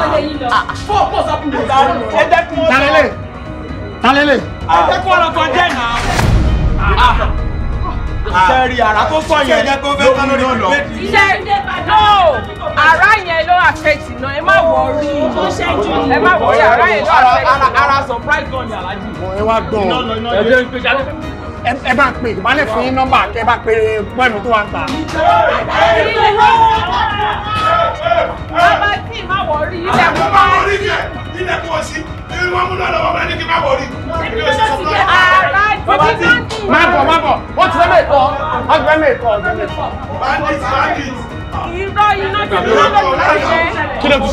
four plus apple go down. ẹ jẹ́ kí wọ́n sọ. talẹ́lẹ̀ talẹ́lẹ̀.
ẹ jẹ́ kí wọ́n lọ kọjá ìná. iṣẹ́ rí ara tó sọ yẹn no
ara yẹn ló àfẹ́tì náà ẹ má
wọrí ẹ má wọrí ara yẹn ló àfẹ́tì. ara
surprise gan ni alájí. ẹ wá gbọ́n ẹ jẹ́ ìpèjáde ẹ bá pè má lè fún yín nọ́mbà kẹ bá pè pẹ́ẹ́nu
tó wà ń ta.
bàbá tí ì ti fẹ́
mẹ́kọ̀ ó
ti
ti fẹ́ mẹ́kọ̀. bandit bandit.
iná ti ní lọ́dọ̀ tó ṣe. kí ló ti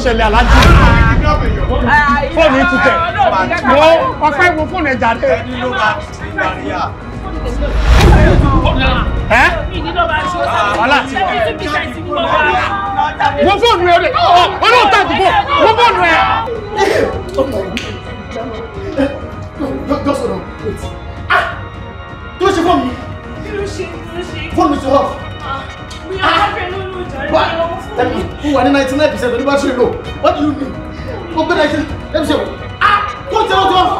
ṣẹlẹ̀
fóònù yìí ti tẹ̀ ọ̀fẹ́ wo fóònù ẹ̀jà rẹ̀ ẹ. wàhálà ti wà. wọ́n fóònù ẹ rẹ̀ wọ́n náà tà dùbò wọ́n fóònù ẹ.
jọ́sọ̀rọ̀ tó ṣe fóònù mi. fóònù mi ti hàn.
mi ò bá fẹ́ lórí ìjà rẹ̀ lọ́wọ́
fóònù mi. wọ́n wà ní ninety nine percent oníbà ṣe lò what do you mean? ó gbé ninety nine percent. ah
kó o tẹ́wọ́ tẹ́wọ́.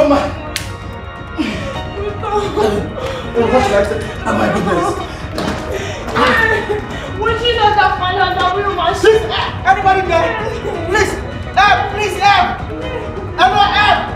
ọmọ. Oh, what lifestyle? Oh my goodness. Would you not have found out that we were Please, everybody there. Please, help, please help. Everyone help.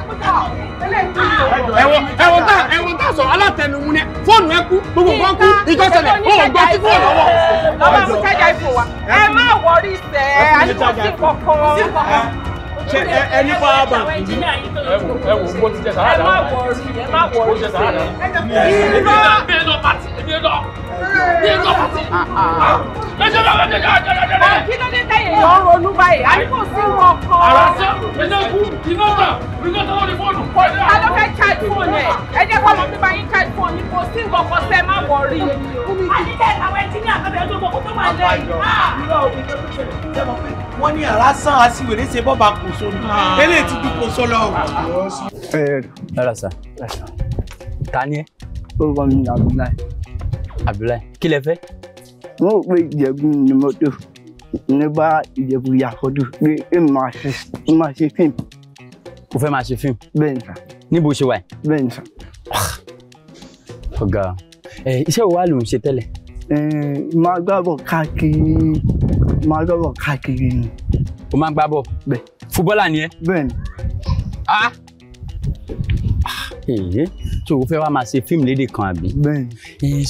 ẹ̀wọ̀n tá
ẹ̀wọ̀n tá sọ alátẹnumú ni fóònù ẹ kú gbogbo nǹkan kú ìjọsẹlẹ ó ò gbọ́ sí fóònù ọwọ́.
lọ́wọ́ mú chájà
ìfò
wa ẹ má wọrí
sẹ́ẹ̀
àníkò sí
kankan
ṣe ẹ ní power bank. ẹ wò mo ti jẹ sàrà dà. ẹ má wọrí ẹ má wọrí. mo jẹ sàrà dà. èmi lọ mi lọ pàtì èmi lọ mi lọ pàtì. ẹ ṣe bá wẹ́n jẹjẹrẹ jẹjẹrẹ. kí ló dé tẹ̀yẹ̀ yọ ronú báyìí a kò sí wọn kọ. ara ṣe iná kú iná tà iná tà lórí fóònù. kò sí ta ló fẹ́ charge fóònù ẹ̀ ẹ jẹ́ kọ́ mọ bí báyìí charge fóònù kò sí wọn kọ sẹ́ má wọrí. àdìgẹ́ àwọn ẹnjìníà kọ́bẹ̀ẹ́
tó gbọ́ kó tó wà lẹ́yìn. wọ́n ní àrá sàn á sì wèrè ṣe bọ́ba kù sómi eléyìí ti dúpọ̀ sọ́lọ́.
ẹ ẹ rárá sá ta ni ẹ. orúkọ mi ni Abdullahi. Abdullahi kí lẹ fẹ́. wọn ò pé ìjẹ̀gùn ni mo tó nígbà ìjẹ̀gùn yàkọ́dù pé ẹ máa ṣe ni sá. níbo ṣe wà yìí. bẹ́ẹ̀ ni sá. ọ̀gá iṣẹ́ wo wá ló ń ṣe tẹ́lẹ̀. máa gbàgbọ́ káàkiri máa gbàgbọ́ káàkiri o máa ń gbá bọ̀ fúbọ́là ni ẹ. bẹ́ẹ̀ ni. ah èyí ah, tó eh, o fẹ́ wá máa ṣe fíìmù lédè kan àbí. bẹ́ẹ̀ ni. Eh,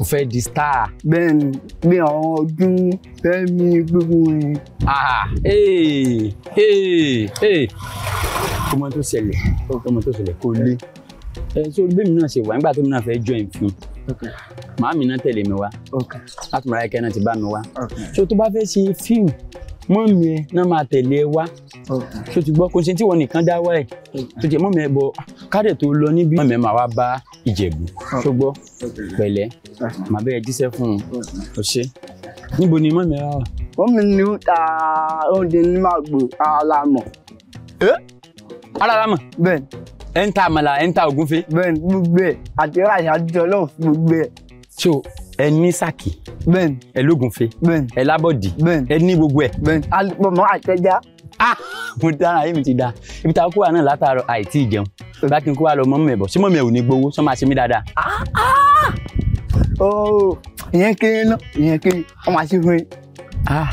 o fẹ́ di star. bẹ́ẹ̀ ni bí àwọn ọdún fẹ́mi gbogbo yẹn. ah ee eh, ee ee kò mọ tó ṣẹlẹ̀ kò mọ tó ṣẹlẹ̀ kò le ẹ so bí mi náà ṣe wà nígbà tó mi náà fẹ́ join fún màámi náà tẹ̀lé mi wá látùmọ̀ra ẹ̀kẹ́ náà ti bá mi wá so tó bá fẹ́ ṣe fíìmù mọ́mì ẹ náà máa tẹ̀lé ẹ e wá tó ti gbọ́ kò sí tí wọn nìkan dá wá ẹ̀ tó ti mọ́mì ẹ bọ̀ kárẹ̀ tó lọ níbí mọ́mì ẹ máa wá bá ìjẹ̀bù tó gbọ́ pẹ̀lẹ́ màá bẹ́ẹ̀ jíṣẹ́ fún un ó ṣe níbo ni mọ́mì ẹ wà. mọ́mì ni oúnjẹ ní máa gbò ara mọ̀. ara la mọ̀. bẹ́ẹ̀ ẹ̀ ń ta àmàlà ẹ̀ ń ta ògúnfe. bẹ́ẹ̀ gbogbo ẹ̀ àti ráìsì àti ọlọ́run gbogbo ẹ̀. so ẹ ní sàkì bẹ́ẹ̀ni ẹ lógunfe bẹ́ẹ̀ni ẹ lábọ̀dì bẹ́ẹ̀ni ẹ ní gbogbo ẹ. bẹ́ẹ̀ni alùpùpù àtẹjá. mo dára ayé mi ti da ibi tá a náà látàárọ̀ àìtí ìjẹun bá kí n kó lọ mọ́ mi bọ̀ sí mọ́ ẹ̀ ò ní gbowó sọ ma dáadáa. ah ìyẹn kéré náà ìyẹn kéré ọmọ àti ah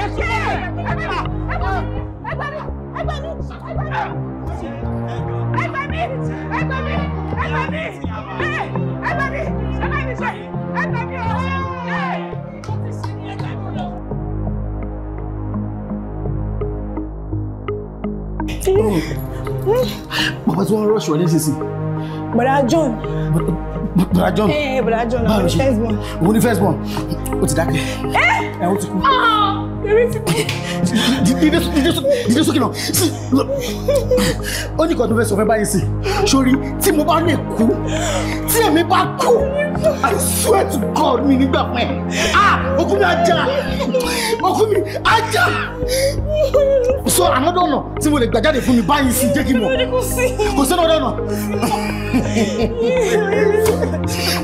bàbá
tí wọ́n ń rọ̀ṣọ̀ nísinsìnyí bọ̀dá John. bọ̀dá John. ẹ eh, eh, bọ̀dá John
àwọn ní
first born. òun ní first born ó ti dákẹ́. ẹ eh? ẹ ó ti kú. Ah, eré ti kú. dídé sókè náà ó ní kan tó fẹ́ sọ fẹ́ báyìí sí sórí tí mo bá lè kú tí èmi bá kú. I
swear to God mi nígbà man. Ah! Okun mi ajá! Okun mi ajá!
So another ọ̀nà tí mo lè gbà jáde fún mi báyìí sí jẹ́ kí n mọ̀. Kò sí ọ̀nà ọ̀nà.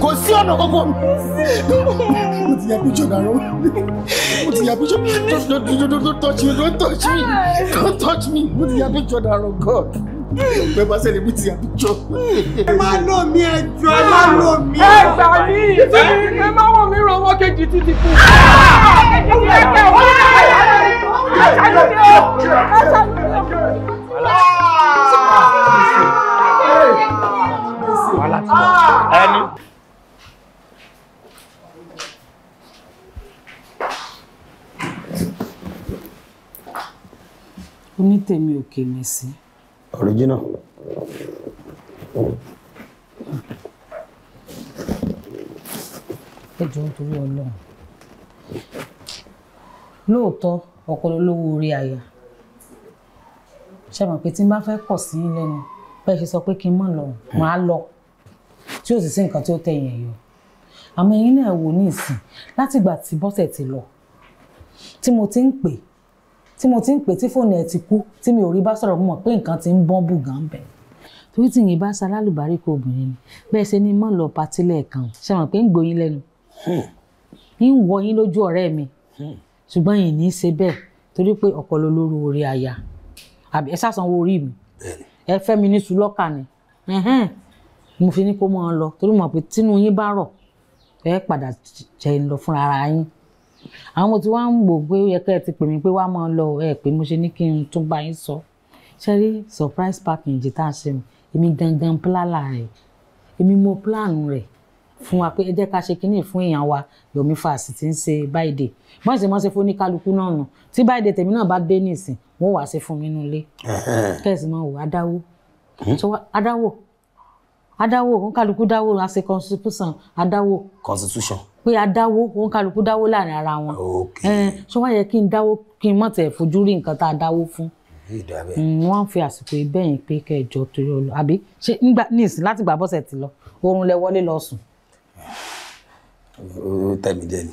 Kò sí ọ̀nà kankan.
Mo ti yà píjọ dàrú. Mo ti yà píjọ. Don't
touch me, don't touch me, don't touch me. Mo ti yà píjọ God ọpẹ bá ṣẹlẹ̀ mú ti àbújọ. ẹ má lò mí ẹjọ́ ẹ má lò mí. ẹ gbà mí ìfẹ́ ẹ má wọ̀ mí ràn wọ́n kejì títí
kù. Ah! ẹni. Ah! Ah!
onítẹ̀mí òkè mi original. ẹjọ́ nítorí ọlọ́run lóòótọ́ ọpọlọ lówó orí àyà ṣe mọ̀ pé tí n bá fẹ́ kọ̀ sí yín lẹ́nu bẹ́ẹ̀ ṣe sọ pé kí n mọ̀ lọ màá hmm. lọ tí ò sì sí nǹkan tí ó tẹ̀yìn ẹ̀yọ àmọ́ ẹ̀yin náà wò ní ìsìn látìgbà tí bọ́sẹ̀ ti lọ tí mo ti ń pè é tí mo ti ń pè tí fóònù ẹ̀ ti kú tí mi ò rí bá sọ̀rọ̀ mo mọ̀ pé nǹkan ti ń bọ́n bù gan bẹ̀. torí tí yìnyín bá sa alálùbáríkà obìnrin ni bẹ́ẹ̀ ṣe ni mọ́ lọ patí lẹ́ẹ̀kan ṣe mọ̀ pé ń gbóyin lẹ́nu hmm. ń wọ yín lójú ọ̀rẹ́ mi hmm. ṣùgbọ́n yìnyín ní í ṣe bẹ́ẹ̀ torí pé ọ̀pọ̀ ló lóru orí aya àbí ẹ sàsanwó orí mi ẹ fẹ́ mi ní sulọ́kà ni mo fi ní kó mọ́ ọ lọ torí mọ̀ pé tínú yín bá rọ̀ ẹ padà jẹ́ ń lọ fúnra yín àwọn mo ti wá ń wò pé ó yẹ kẹ́ ẹ ti pè mí pé wá máa lọ ẹ pé mo ṣe ní kí n tún bá yín sọ ṣe rí surprise parking jì tá a ṣe mi èmi gangan plálà rẹ̀ èmi mo plan rẹ̀ fún wa pé ẹ jẹ́ ká ṣe kínní fún èèyàn wa Yomi Fash tí ń ṣe báyìí wọ́n sì mọ́ ṣe fún oníkálukú náà nù tí báyìí tèmi náà bá dé nìsín wọ́n wàá ṣe fún mi nínú ilé kẹ́sì máa wò adáwó hmm? adáwó adáwó oníkálukú dáwó a ṣe constitution adáwó. constitution pé a dáwó òun kálukú dáwó láàrin ara wọn ṣé wọ́n yẹ kí n dáwó kí n mọ̀ tẹ̀ fojú rí nǹkan tá a dáwó fún wọ́n fi àsìkò ibẹ̀ yẹn pé kẹjọ torí ọlọ àbí ṣe nígbà níìsín láti gbà bọ́sẹ̀ ti lọ oorun lẹ wọlé lọ sùn.
o tẹ̀mí jẹ ni.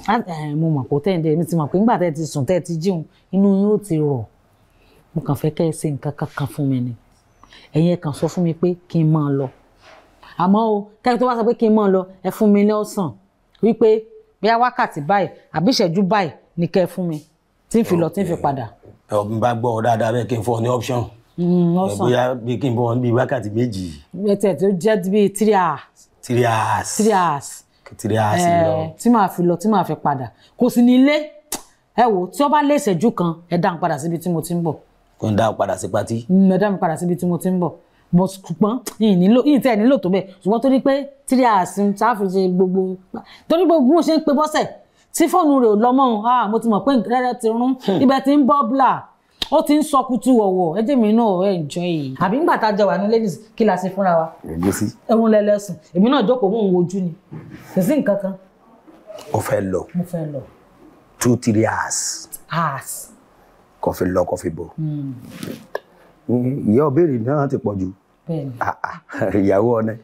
mo mọ̀ kó tẹ̀yìn dẹ̀ mi ti mọ̀ pé nígbà tẹ́ ti sùn tẹ́ ti jíun inú yín ó ti rọ̀ mo kàn fẹ́ kẹ́ ẹ ṣe nǹkan kankan fún mi ni ẹ̀yin ẹ̀ kàn sọ fún mi pé kí n máa lọ àmọ́ o kẹ́kẹ́ tó bá sọ pé kí n máa lọ ẹ fún mi ní wípé bóyá wákàtí báyìí àbí ìṣẹ́jú báyìí ni kẹ́ ẹ fún mi tí n fi lọ tí n fi padà.
ọ̀gbìn bá gbọ́ ọ dáadáa bẹ́ẹ̀ kí n fọ ní mm, option. bóyá bí kí n bọ̀ bí wákàtí méjì.
ètò ètò jẹ́ bí three hours.
three hours. three hours. three hours lọ.
tí màá fi lọ tí màá fi padà kò sí ní ilé ẹ wò tí ó bá lé ìṣẹ́jú kan ẹ dá n padà síbi tí mo ti ń bọ̀.
kò ń dá n padà sí patí.
Mm, ẹ dá n padà síbi tí mo ti ń bọ̀ but ṣùgbọ́n yìí nílò yìí tẹ́ ẹ̀ nílò tó bẹ́ẹ̀ ṣùgbọ́n torí pé tírí àsìn tá a fi ṣe gbogbo torí pé mo ṣe ń pe bọ́sẹ̀ tí fóònù rẹ̀ ò lọ́mọ́ ah mo ti mọ̀ pé rẹ́rẹ́ ti rún hmm. ibẹ̀ ti ń bọ́ bla ó ti ń sọ kutu ọ̀wọ̀ ẹ jẹ́ mi náà ẹ̀ ń jọ èyí. àbí ńgbà tá a jọ wà ní ladies kí la ṣe fúnra wa. ẹ̀gúsí. ẹ̀hún lẹ́lẹ́sùn èmi náà jókòó mò ń wojú ni kò sí nǹkan kan. ó fẹ́ lọ. mo fẹ́ lọ.
two three hours. hours. kọfí lọ kọfí bọ. Hmm. ìyá ọbẹ̀rẹ̀ náà ti pọ̀ jù. Ah, ah, ìyàwó ọ̀nẹ́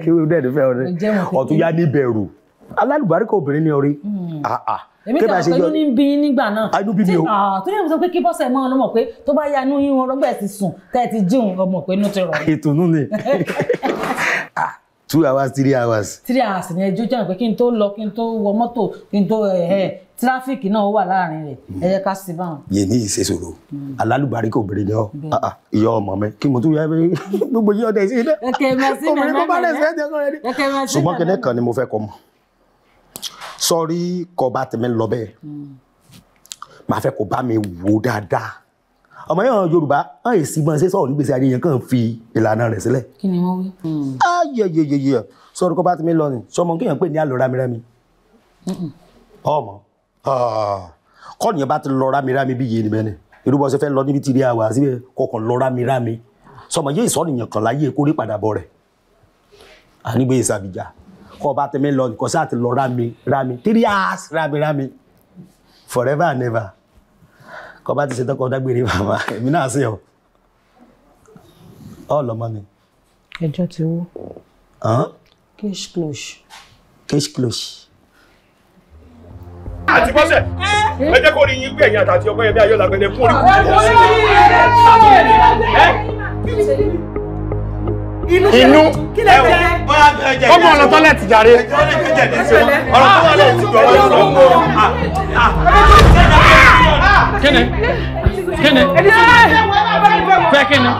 kí wọ́n dẹ̀ fẹ́ ọ̀nẹ́ ọ̀tún yá ní bẹ̀rù alálùbáríkà obìnrin ni ọ̀rí hmm. ah, èmi tẹ̀wọ̀ pé inú ní
bí nígbà náà inú bí mi o tó ní ìwòsàn pé kí bọ́sẹ̀ mọ́ ọlọ́mọ pé tó bá ya inú yín ọlọ́gbẹ́ ti sùn tẹ́ ẹ ti jíun ọmọ pé inú ti rọ̀.
ìtùnú ni two hours three hours.
three hours ni ẹjọ́ jẹ́ pé kí n tó lọ kí n tó wọ mọ́tò kí n tó ẹ̀ eh, ẹ́ eh, Traffic náà wà láàrin rẹ̀ mm. ẹ ká sí báwọn.
yé ní ìṣèṣòro mm. alálùbárí kò bèrè ni ọ ah, ah, ìyá ọmọ mi kí mo tún yẹ bí gbogbo yìí ọdẹ sí dẹ obìnrin kò bá rẹ sí
ẹjẹ kọrẹ ni ṣùgbọ́n kẹ́nẹ́
kan ni mo fẹ́ kọ́ mọ̀ sọ́rí kọ́ bá tẹ̀mẹ́ lọ bẹ́ẹ̀ máa mm. fẹ́ kó bá mi wò dáadáa ọmọ yẹn Yorùbá ọ̀hún èsì gbọ́n ṣe sọ̀rọ̀ nígbèsè ayé yẹn kàn fi ìlànà rẹ̀ sílẹ̀. kí ni wọ́n wí. ayẹyẹyẹ sọ́rí kọ́ bá tẹ̀mẹ́ lọ ni sọmọ kéèyàn pè ní àlọ́ rámirámi ọmọ Ah. kọ́ọ̀nù yẹn bá ti lọ rámirámi bí yé ni mẹ́ni irúbọ ṣe fẹ́ lọ níbi tìrí àwà síbẹ̀ kọkàn lọ rámirámi sọmọ yé ìsọ̀nìyàn kan láyé kórè padà bọ̀ rẹ̀ ànígbé ìsàbìjà kọ́ ọba tẹ̀mí lọ nǹkan sáà ti lọ rámirámi three hours rámirámi forever and ever kọ́ ọba ti ṣetán kọ́ dágbére bàbá èmi náà sí ọ ọ lọmọ mi.
ẹjọ́ ti wú. case close. case close àti bọ́sẹ̀ ẹ jẹ́
kó rí yín pé ẹ̀yìn àtàtì ọgbọ́n ẹ̀mí ayọ́ làgbẹ̀dẹ̀ fún orí inú ọmọ ọ̀nà tọ́lẹ̀tì jàre ọ̀nà tọ́lẹ̀tì
jọ̀wọ́ ìṣòro
kíni
kíni
fẹ́
kíni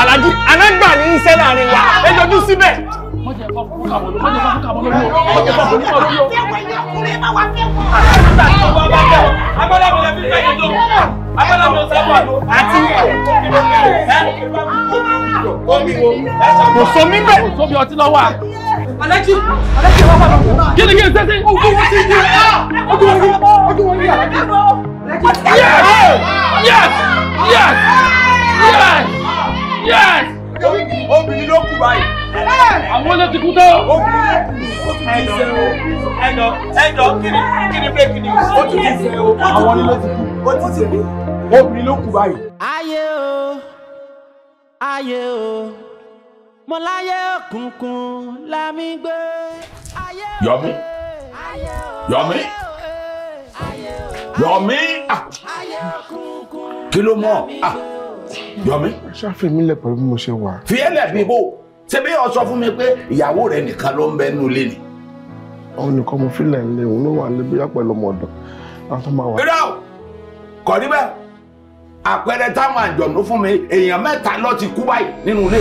alájú
alágbà ní iṣẹ́ láàrin wa ẹ jọjú síbẹ̀
kọ́ kò
so mí bẹ́ẹ̀ kò so mi ọtí lọ́wọ́ à. Alẹ́jì Alẹ́jì wá padà
wò. Kí ni kí n sẹ́sẹ́? Ojú wọn ti di ojú wọn yí ojú wọn yí Yes! Yes! Yes! Yes! Yes!
obìnrin ló kù báyìí. àwọn olè ti kú tán. obìnrin ló kù báyìí.
ẹnọ ẹnọ kiri kiri fake news ó ti ti sẹ o. àwọn olè ti kú ó ti sẹ obìnrin ló kù báyìí. ayé o ayé o mo láyé òkùnkùn lámì gbé.
Yọ̀mí Yọ̀mí eh, Yọ̀mí kí ló mọ̀ Yọmí. ṣáfì mi lẹ pẹ̀lú bí mo ṣe wà. fi ẹlẹ bí bò ṣe bí o sọ fún mi pé ìyàwó rẹ nìkan ló ń bẹ nínú ilé ni.
òun nìkan mo fi lẹ̀ ń lé òun ló wà nílé bóyá pẹ̀lú ọmọ ọ̀dọ̀ máa wà. irọ́
kò rí àpẹẹrẹ táwọn àjọ̀nú fún mi èèyàn mẹ́ta ló ti kú báyìí nínú ilé.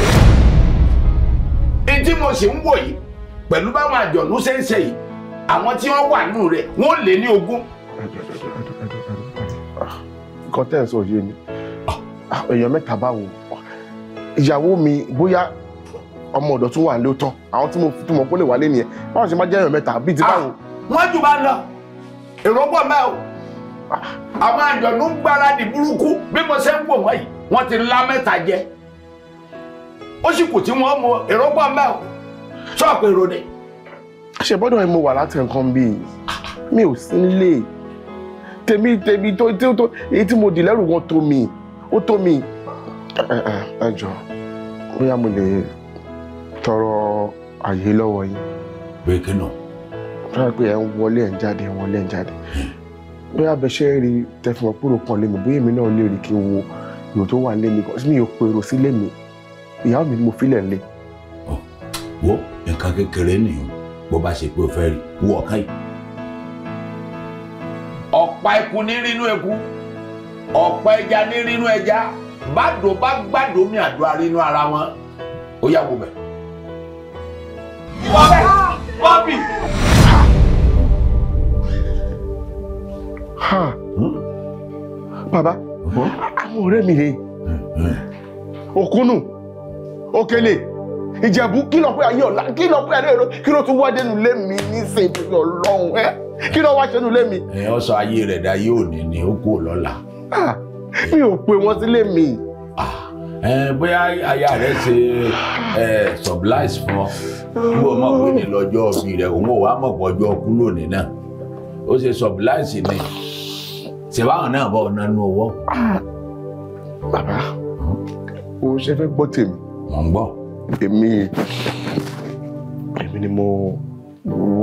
ìdí mo sì ń wò yìí pẹ̀lú báwọn àjọ̀nú ṣe ń ṣe yìí àwọn tí wọ́n wà nínú rẹ̀ wọ́n lé ní ogún.
nǹkan tẹ́ ẹ̀ Ah, èèyàn mẹ́ta báwo ìyàwó mi bóyá ọmọ ọ̀dọ̀ tún wà ní òótọ́ àwọn tí mo tún mọ̀ pé lè wálé nìyẹn báwo ṣe máa jẹ́ èèyàn
mẹ́ta bíi ti báwo. Ah, wọ́n jù bá lọ èrò pọ̀ mẹ́ o ah. àwọn àjọ̀dún gbáradì burúkú bí mo ṣe ń wò wọ́n yìí wọ́n ti lá mẹ́ta jẹ ó sì kù tí wọ́n mọ èrò pọ̀ mẹ́ o ṣọ́ọ̀pù èrò ni. ṣe bọ́dọ̀
ẹ mo wà láti nǹkan bíi mi ò sí nílé tèmi tèmi tó èyí tí mo dì lẹ́rù wọn tó mi ó tó mi. ẹ jọ bóyá mo lè tọrọ àyè lọ́wọ́ yín. pé kí nà. bóyá pé ẹ ń wọlé ẹ̀ ń jáde ẹ̀ ń wọlé ẹ̀ ń jáde. bóyá abẹ́ṣẹ́ rí tẹfọ̀n kúrò kan lémi bóyá èmi náà lè rí kí n wo ìrò tó wà lémi kan mi ò pèrò sí lémi
ìyá mi ni mo filẹ̀ lé. wo nǹkan kékeré nìyẹn bó bá ṣe pé o fẹ́ rí wọ ọ̀kan yìí. ọ̀pá ikú ní rínú eku ọ̀pọ̀ ẹja ní rínú ẹja bàdó bá gbàdó mi àdó arínú ara wọn ó yà wò bẹ̀.
bọ́bì. Hmm?
bàbá àwọn ọ̀rẹ́ mi rèé hmm. òkúnnù òkèlè ìjẹ̀bú kí lọ pé ayé ọ̀la kí lọ pé ayé ọ̀la kí ló tún wá dénú lé mi níṣẹ́ ìbílẹ̀ ọlọ́run ẹ́ kí ló wá ṣẹ́nu lé mi.
ẹ ọ sọ ayé rẹ̀ dá yóò ní ní ó kú lọ́la
mi ò pe wọn sílé mi.
Ah, bóyá aya rẹ ṣe surprise fún ọ kí o mọ̀ pé ní lọ́jọ́ òbí rẹ òun ò wá mọ̀ pọ̀ ọjọ́ kú lónìí náà ó ṣe surprise ni ṣèbáwọn náà bọ̀ ọ̀nà nu owó. bàbá
o ṣe fẹ́ gbọ́ tèmi. mo ń gbọ́. èmi èmi ni mo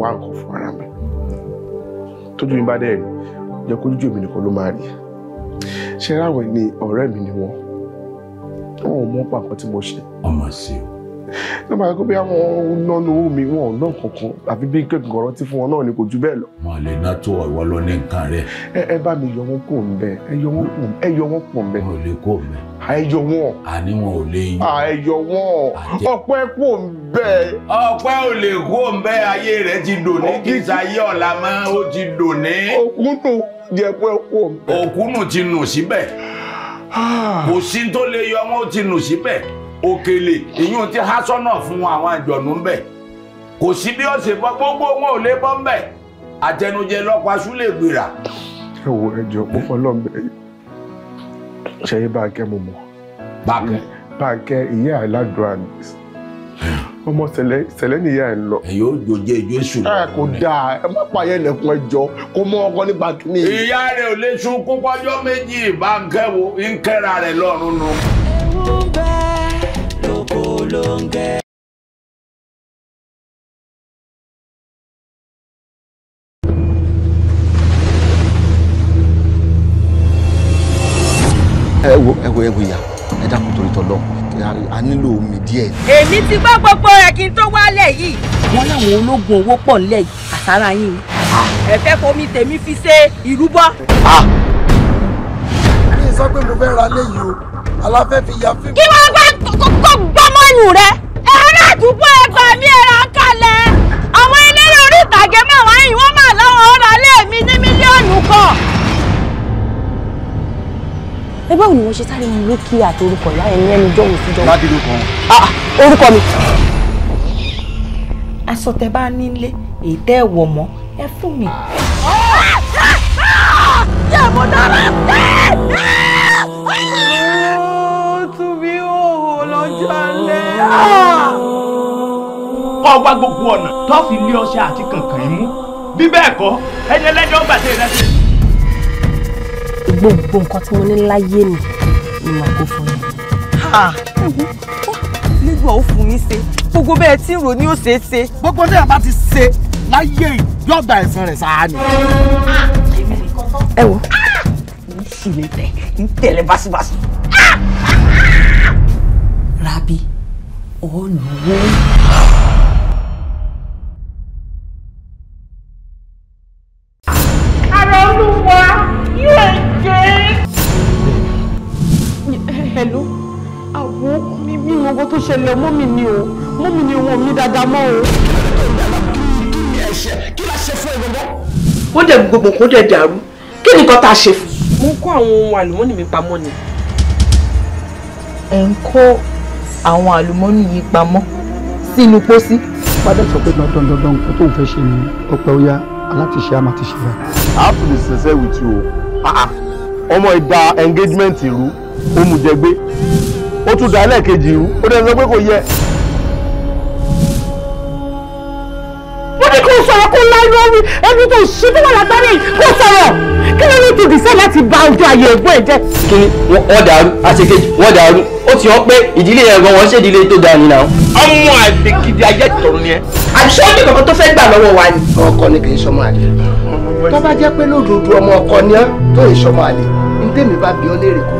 wá nǹkan fún ara mi tójú mi bá dẹ̀ rí jẹ́ kójú mi nìkan ló máa rí i ṣé ráwọ̀ ni ọ̀rẹ́ mi ni wọ́n wọn ò mọ pa tí mo ṣe. ọmọ sí o. nígbà tó bí àwọn nánú owó mi wọn ò ná kankan àfi bí kẹ́kọ̀ọ́ rántí fún wọn náà ni kò ju
bẹ́ẹ̀ lọ. wọn lè ná tó ìwọ lọ ní nǹkan rẹ.
ẹ ẹ bá mi yọ wọn kò ń bẹ
ẹ yọ wọn kò ń bẹ ẹ yọ wọn kò ń bẹ. wọn ò lè kó mẹ. ẹ yọ wọn. àní wọn ò lè yọ. ẹ yọ wọn ọpẹ kò ń bẹ. ọpẹ ò lè kó ń bẹ ayé rẹ ti dòní kí sayé ọ̀la ó ti dòní. òkú jẹ́ pé kò bẹ́ẹ̀. òkú nù ti nù síbẹ̀ kò sí tó lè yọ wọn ó ti nù síbẹ̀ òkèlè ìyún ti há sọ́nà fún àwọn àjọ̀nù ń bẹ̀ kò sí bí ọ̀sẹ̀ bọ́ gbogbo wọn ò lè bọ́ ń bẹ̀ àtẹnujẹ lọ́pàá súlẹ̀ gbéra.
ẹ wo ẹjọ mo fọlọ́ọ̀bẹ ṣe é bá a kẹ́ mo mọ̀. bá a kẹ́. ìyá aládùn àná ọmọ sẹlẹ sẹlẹ nìyá ẹ lọ. ẹ yóò jòjé ijó èṣù lọ. ẹ kò dáa ẹ má pààyẹ lẹkùn ẹjọ kó mọ ọkọ nípa kíní. ìyá rẹ ò lè sunkún
pọjọ
méjì ìbá ń kẹwo ń kẹra rẹ lọ́rùn nù. ewu ń lóko ló ń gẹ.
ẹ wo ẹ wo ẹ wo ìyá ẹ dákun torí lọ a nílò
omi díẹ̀
èmi ti gbọ́ gbogbo rẹ̀ kí n tó wálẹ̀ yìí. wọ́n láwọn ológun owó pọ̀ nílẹ̀ yìí
àsárá yín ah, ẹ fẹ́ fomi tèmi fi ṣe ìrúbọ. mi ah. sọ pé mo fẹ́ ra léyìí o aláfẹ́ fi ya fíìmù. kí wọ́n gbá kókó
gbọ́mọ́nù rẹ ẹ̀rọ àdúgbò ẹgbẹ́ mi ẹ̀rọ kalẹ̀ àwọn eléré orí ìtàgé máa wáyìn wọ́n máa láwọn ọ̀rọ̀ alẹ́ mi ní mílíọ̀nù kan
ẹ báwo ni wọ́n ṣe sáré mú rókì àti orúkọ ìyá ẹ̀ ní ẹnu jọ́wọ́ síjọ́. láti
ló kàn án.
orúkọ mi. aṣọ tẹ bá nílé èyí tẹ wọ mọ ẹ fún mi.
yẹ mo dára
ó tún bí òhò lọ́jọ́
alẹ́
kọ́ wá gbogbo ọ̀nà tó fi lé ọṣẹ àti kànkàn yín mú bí bẹ́ẹ̀ kọ́ ẹni ẹlẹ́jọ́ gbàtẹ́ rẹ ti
gbogbo nǹkan tí mo ní láyé mi ni màá kó fún
mi.
nígbà ó fún mi ṣe gbogbo bẹ́ẹ̀ tí ń rò ní ó ṣe é ṣe. gbogbo ní ti ṣe láyé yóò gba ẹ̀san rẹ̀ sáà
ẹ wo n
sì lè tẹ n tẹ̀lé báṣubàṣu.
Rabi ọ̀nà owó.
hello àbò mi mi ò mọ tó ṣẹlẹ̀ mọ́ mi ni o mọ́ mi ni òun mi dáadáa mọ́ o.
kí ni gbogbo kó dẹ̀ dàrú kí ni nǹkan tá a ṣe fún.
mo kó àwọn ohun àlùmọ́nì mi pamọ́ ni.
ẹ̀ ń kó àwọn àlùmọ́nì yìí pamọ́ sínú pósí. padà sọ pé dandan dandan nǹkan tó ń fẹ́ ṣe ni
ọpẹ́ ó yá alátiṣe a ṣe rẹ̀.
i have to be sincere with you o ah, ah.
ọmọ ìdá engagement ìlú ó mú jẹgbé ó tún dá lẹ́ẹ̀kejì rú ó dẹ̀ sọ pé kò yẹ. mo ní kó o sọ̀rọ̀
kó láì lórí ẹni tó ṣí tó wà lágbára kó sọ̀rọ̀ kí ló ní tòdì sẹ́ láti ba ọjọ́
ayé ẹ̀gbọ́n ẹ̀ jẹ́. kí ni wọ́n dàrú àṣekejì wọ́n dàrú ó ti hàn pé ìdílé yẹn gan wọ́n ṣèdílé tó dáa nínú àwọn. ọmọ àti ayé tọrọ ni ẹ. àṣọ ní kankan tó fẹ́ gbà lọ́wọ́ wa ni.
ọkọ ni kì í sọmọ àlè. tó jẹ́ pé lódodo ọmọ ọkọ ni ọ́ tó ì sọmọ àlè ní tèmi bá bí ọ léèrè kò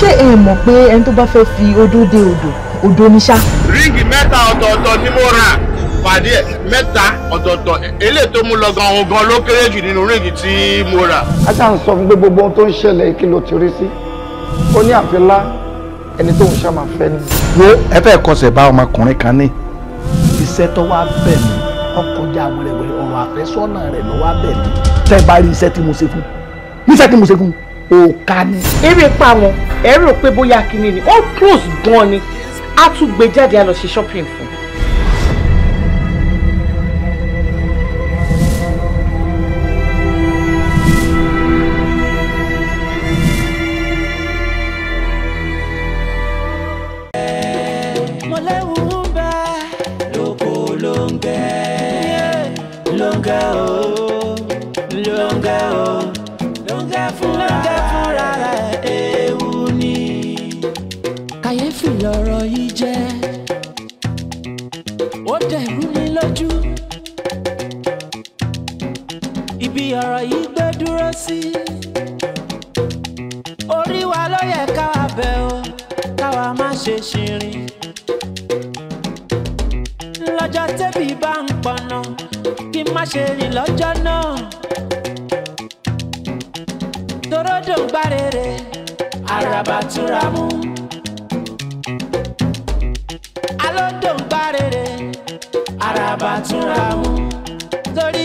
ṣé ẹ mọ̀ pé ẹni tó bá fẹ́ fi odó dé odò odò ní ṣá. ríǹgì mẹ́ta ọ̀tọ̀ọ̀tọ̀ ni mo rà pàdé ẹ̀ mẹ́ta ọ̀tọ̀ọ̀tọ̀ eléyìí tó mú lọ gan òun gan ló kéré jù nínú ríǹgì tí mo rà.
ata ń sọ fún pé gbogbo ohun tó ń ṣẹlẹ̀ kí ló ti rí sí ó ní àfilá ẹni tó ń ṣá fẹ́ ni.
wo ẹ fẹ́ kọsẹ̀ bá ọmọkùnrin kan ní.
iṣẹ́ tó wá bẹ̀ mí ọkọjá wẹ̀rẹ̀wẹ̀rẹ̀ ọ̀rọ̀ àfẹ́sọ́nà rẹ̀ ló ẹ rò pé bóyá kinní ni ó close gan ni a
tún gbé jáde a lọ ṣe shopping fún un.
sí. orí wa ló yẹ káwa bẹ̀ o káwa má ṣe ṣìrìn. lọ́jọ́ tẹ́bí bá ń pọnà kí n má ṣe rìn lọ́jọ́ náà. toródò ń gbárèrè àràbà túra mú. alódò ń gbárèrè àràbà túra mú.
torí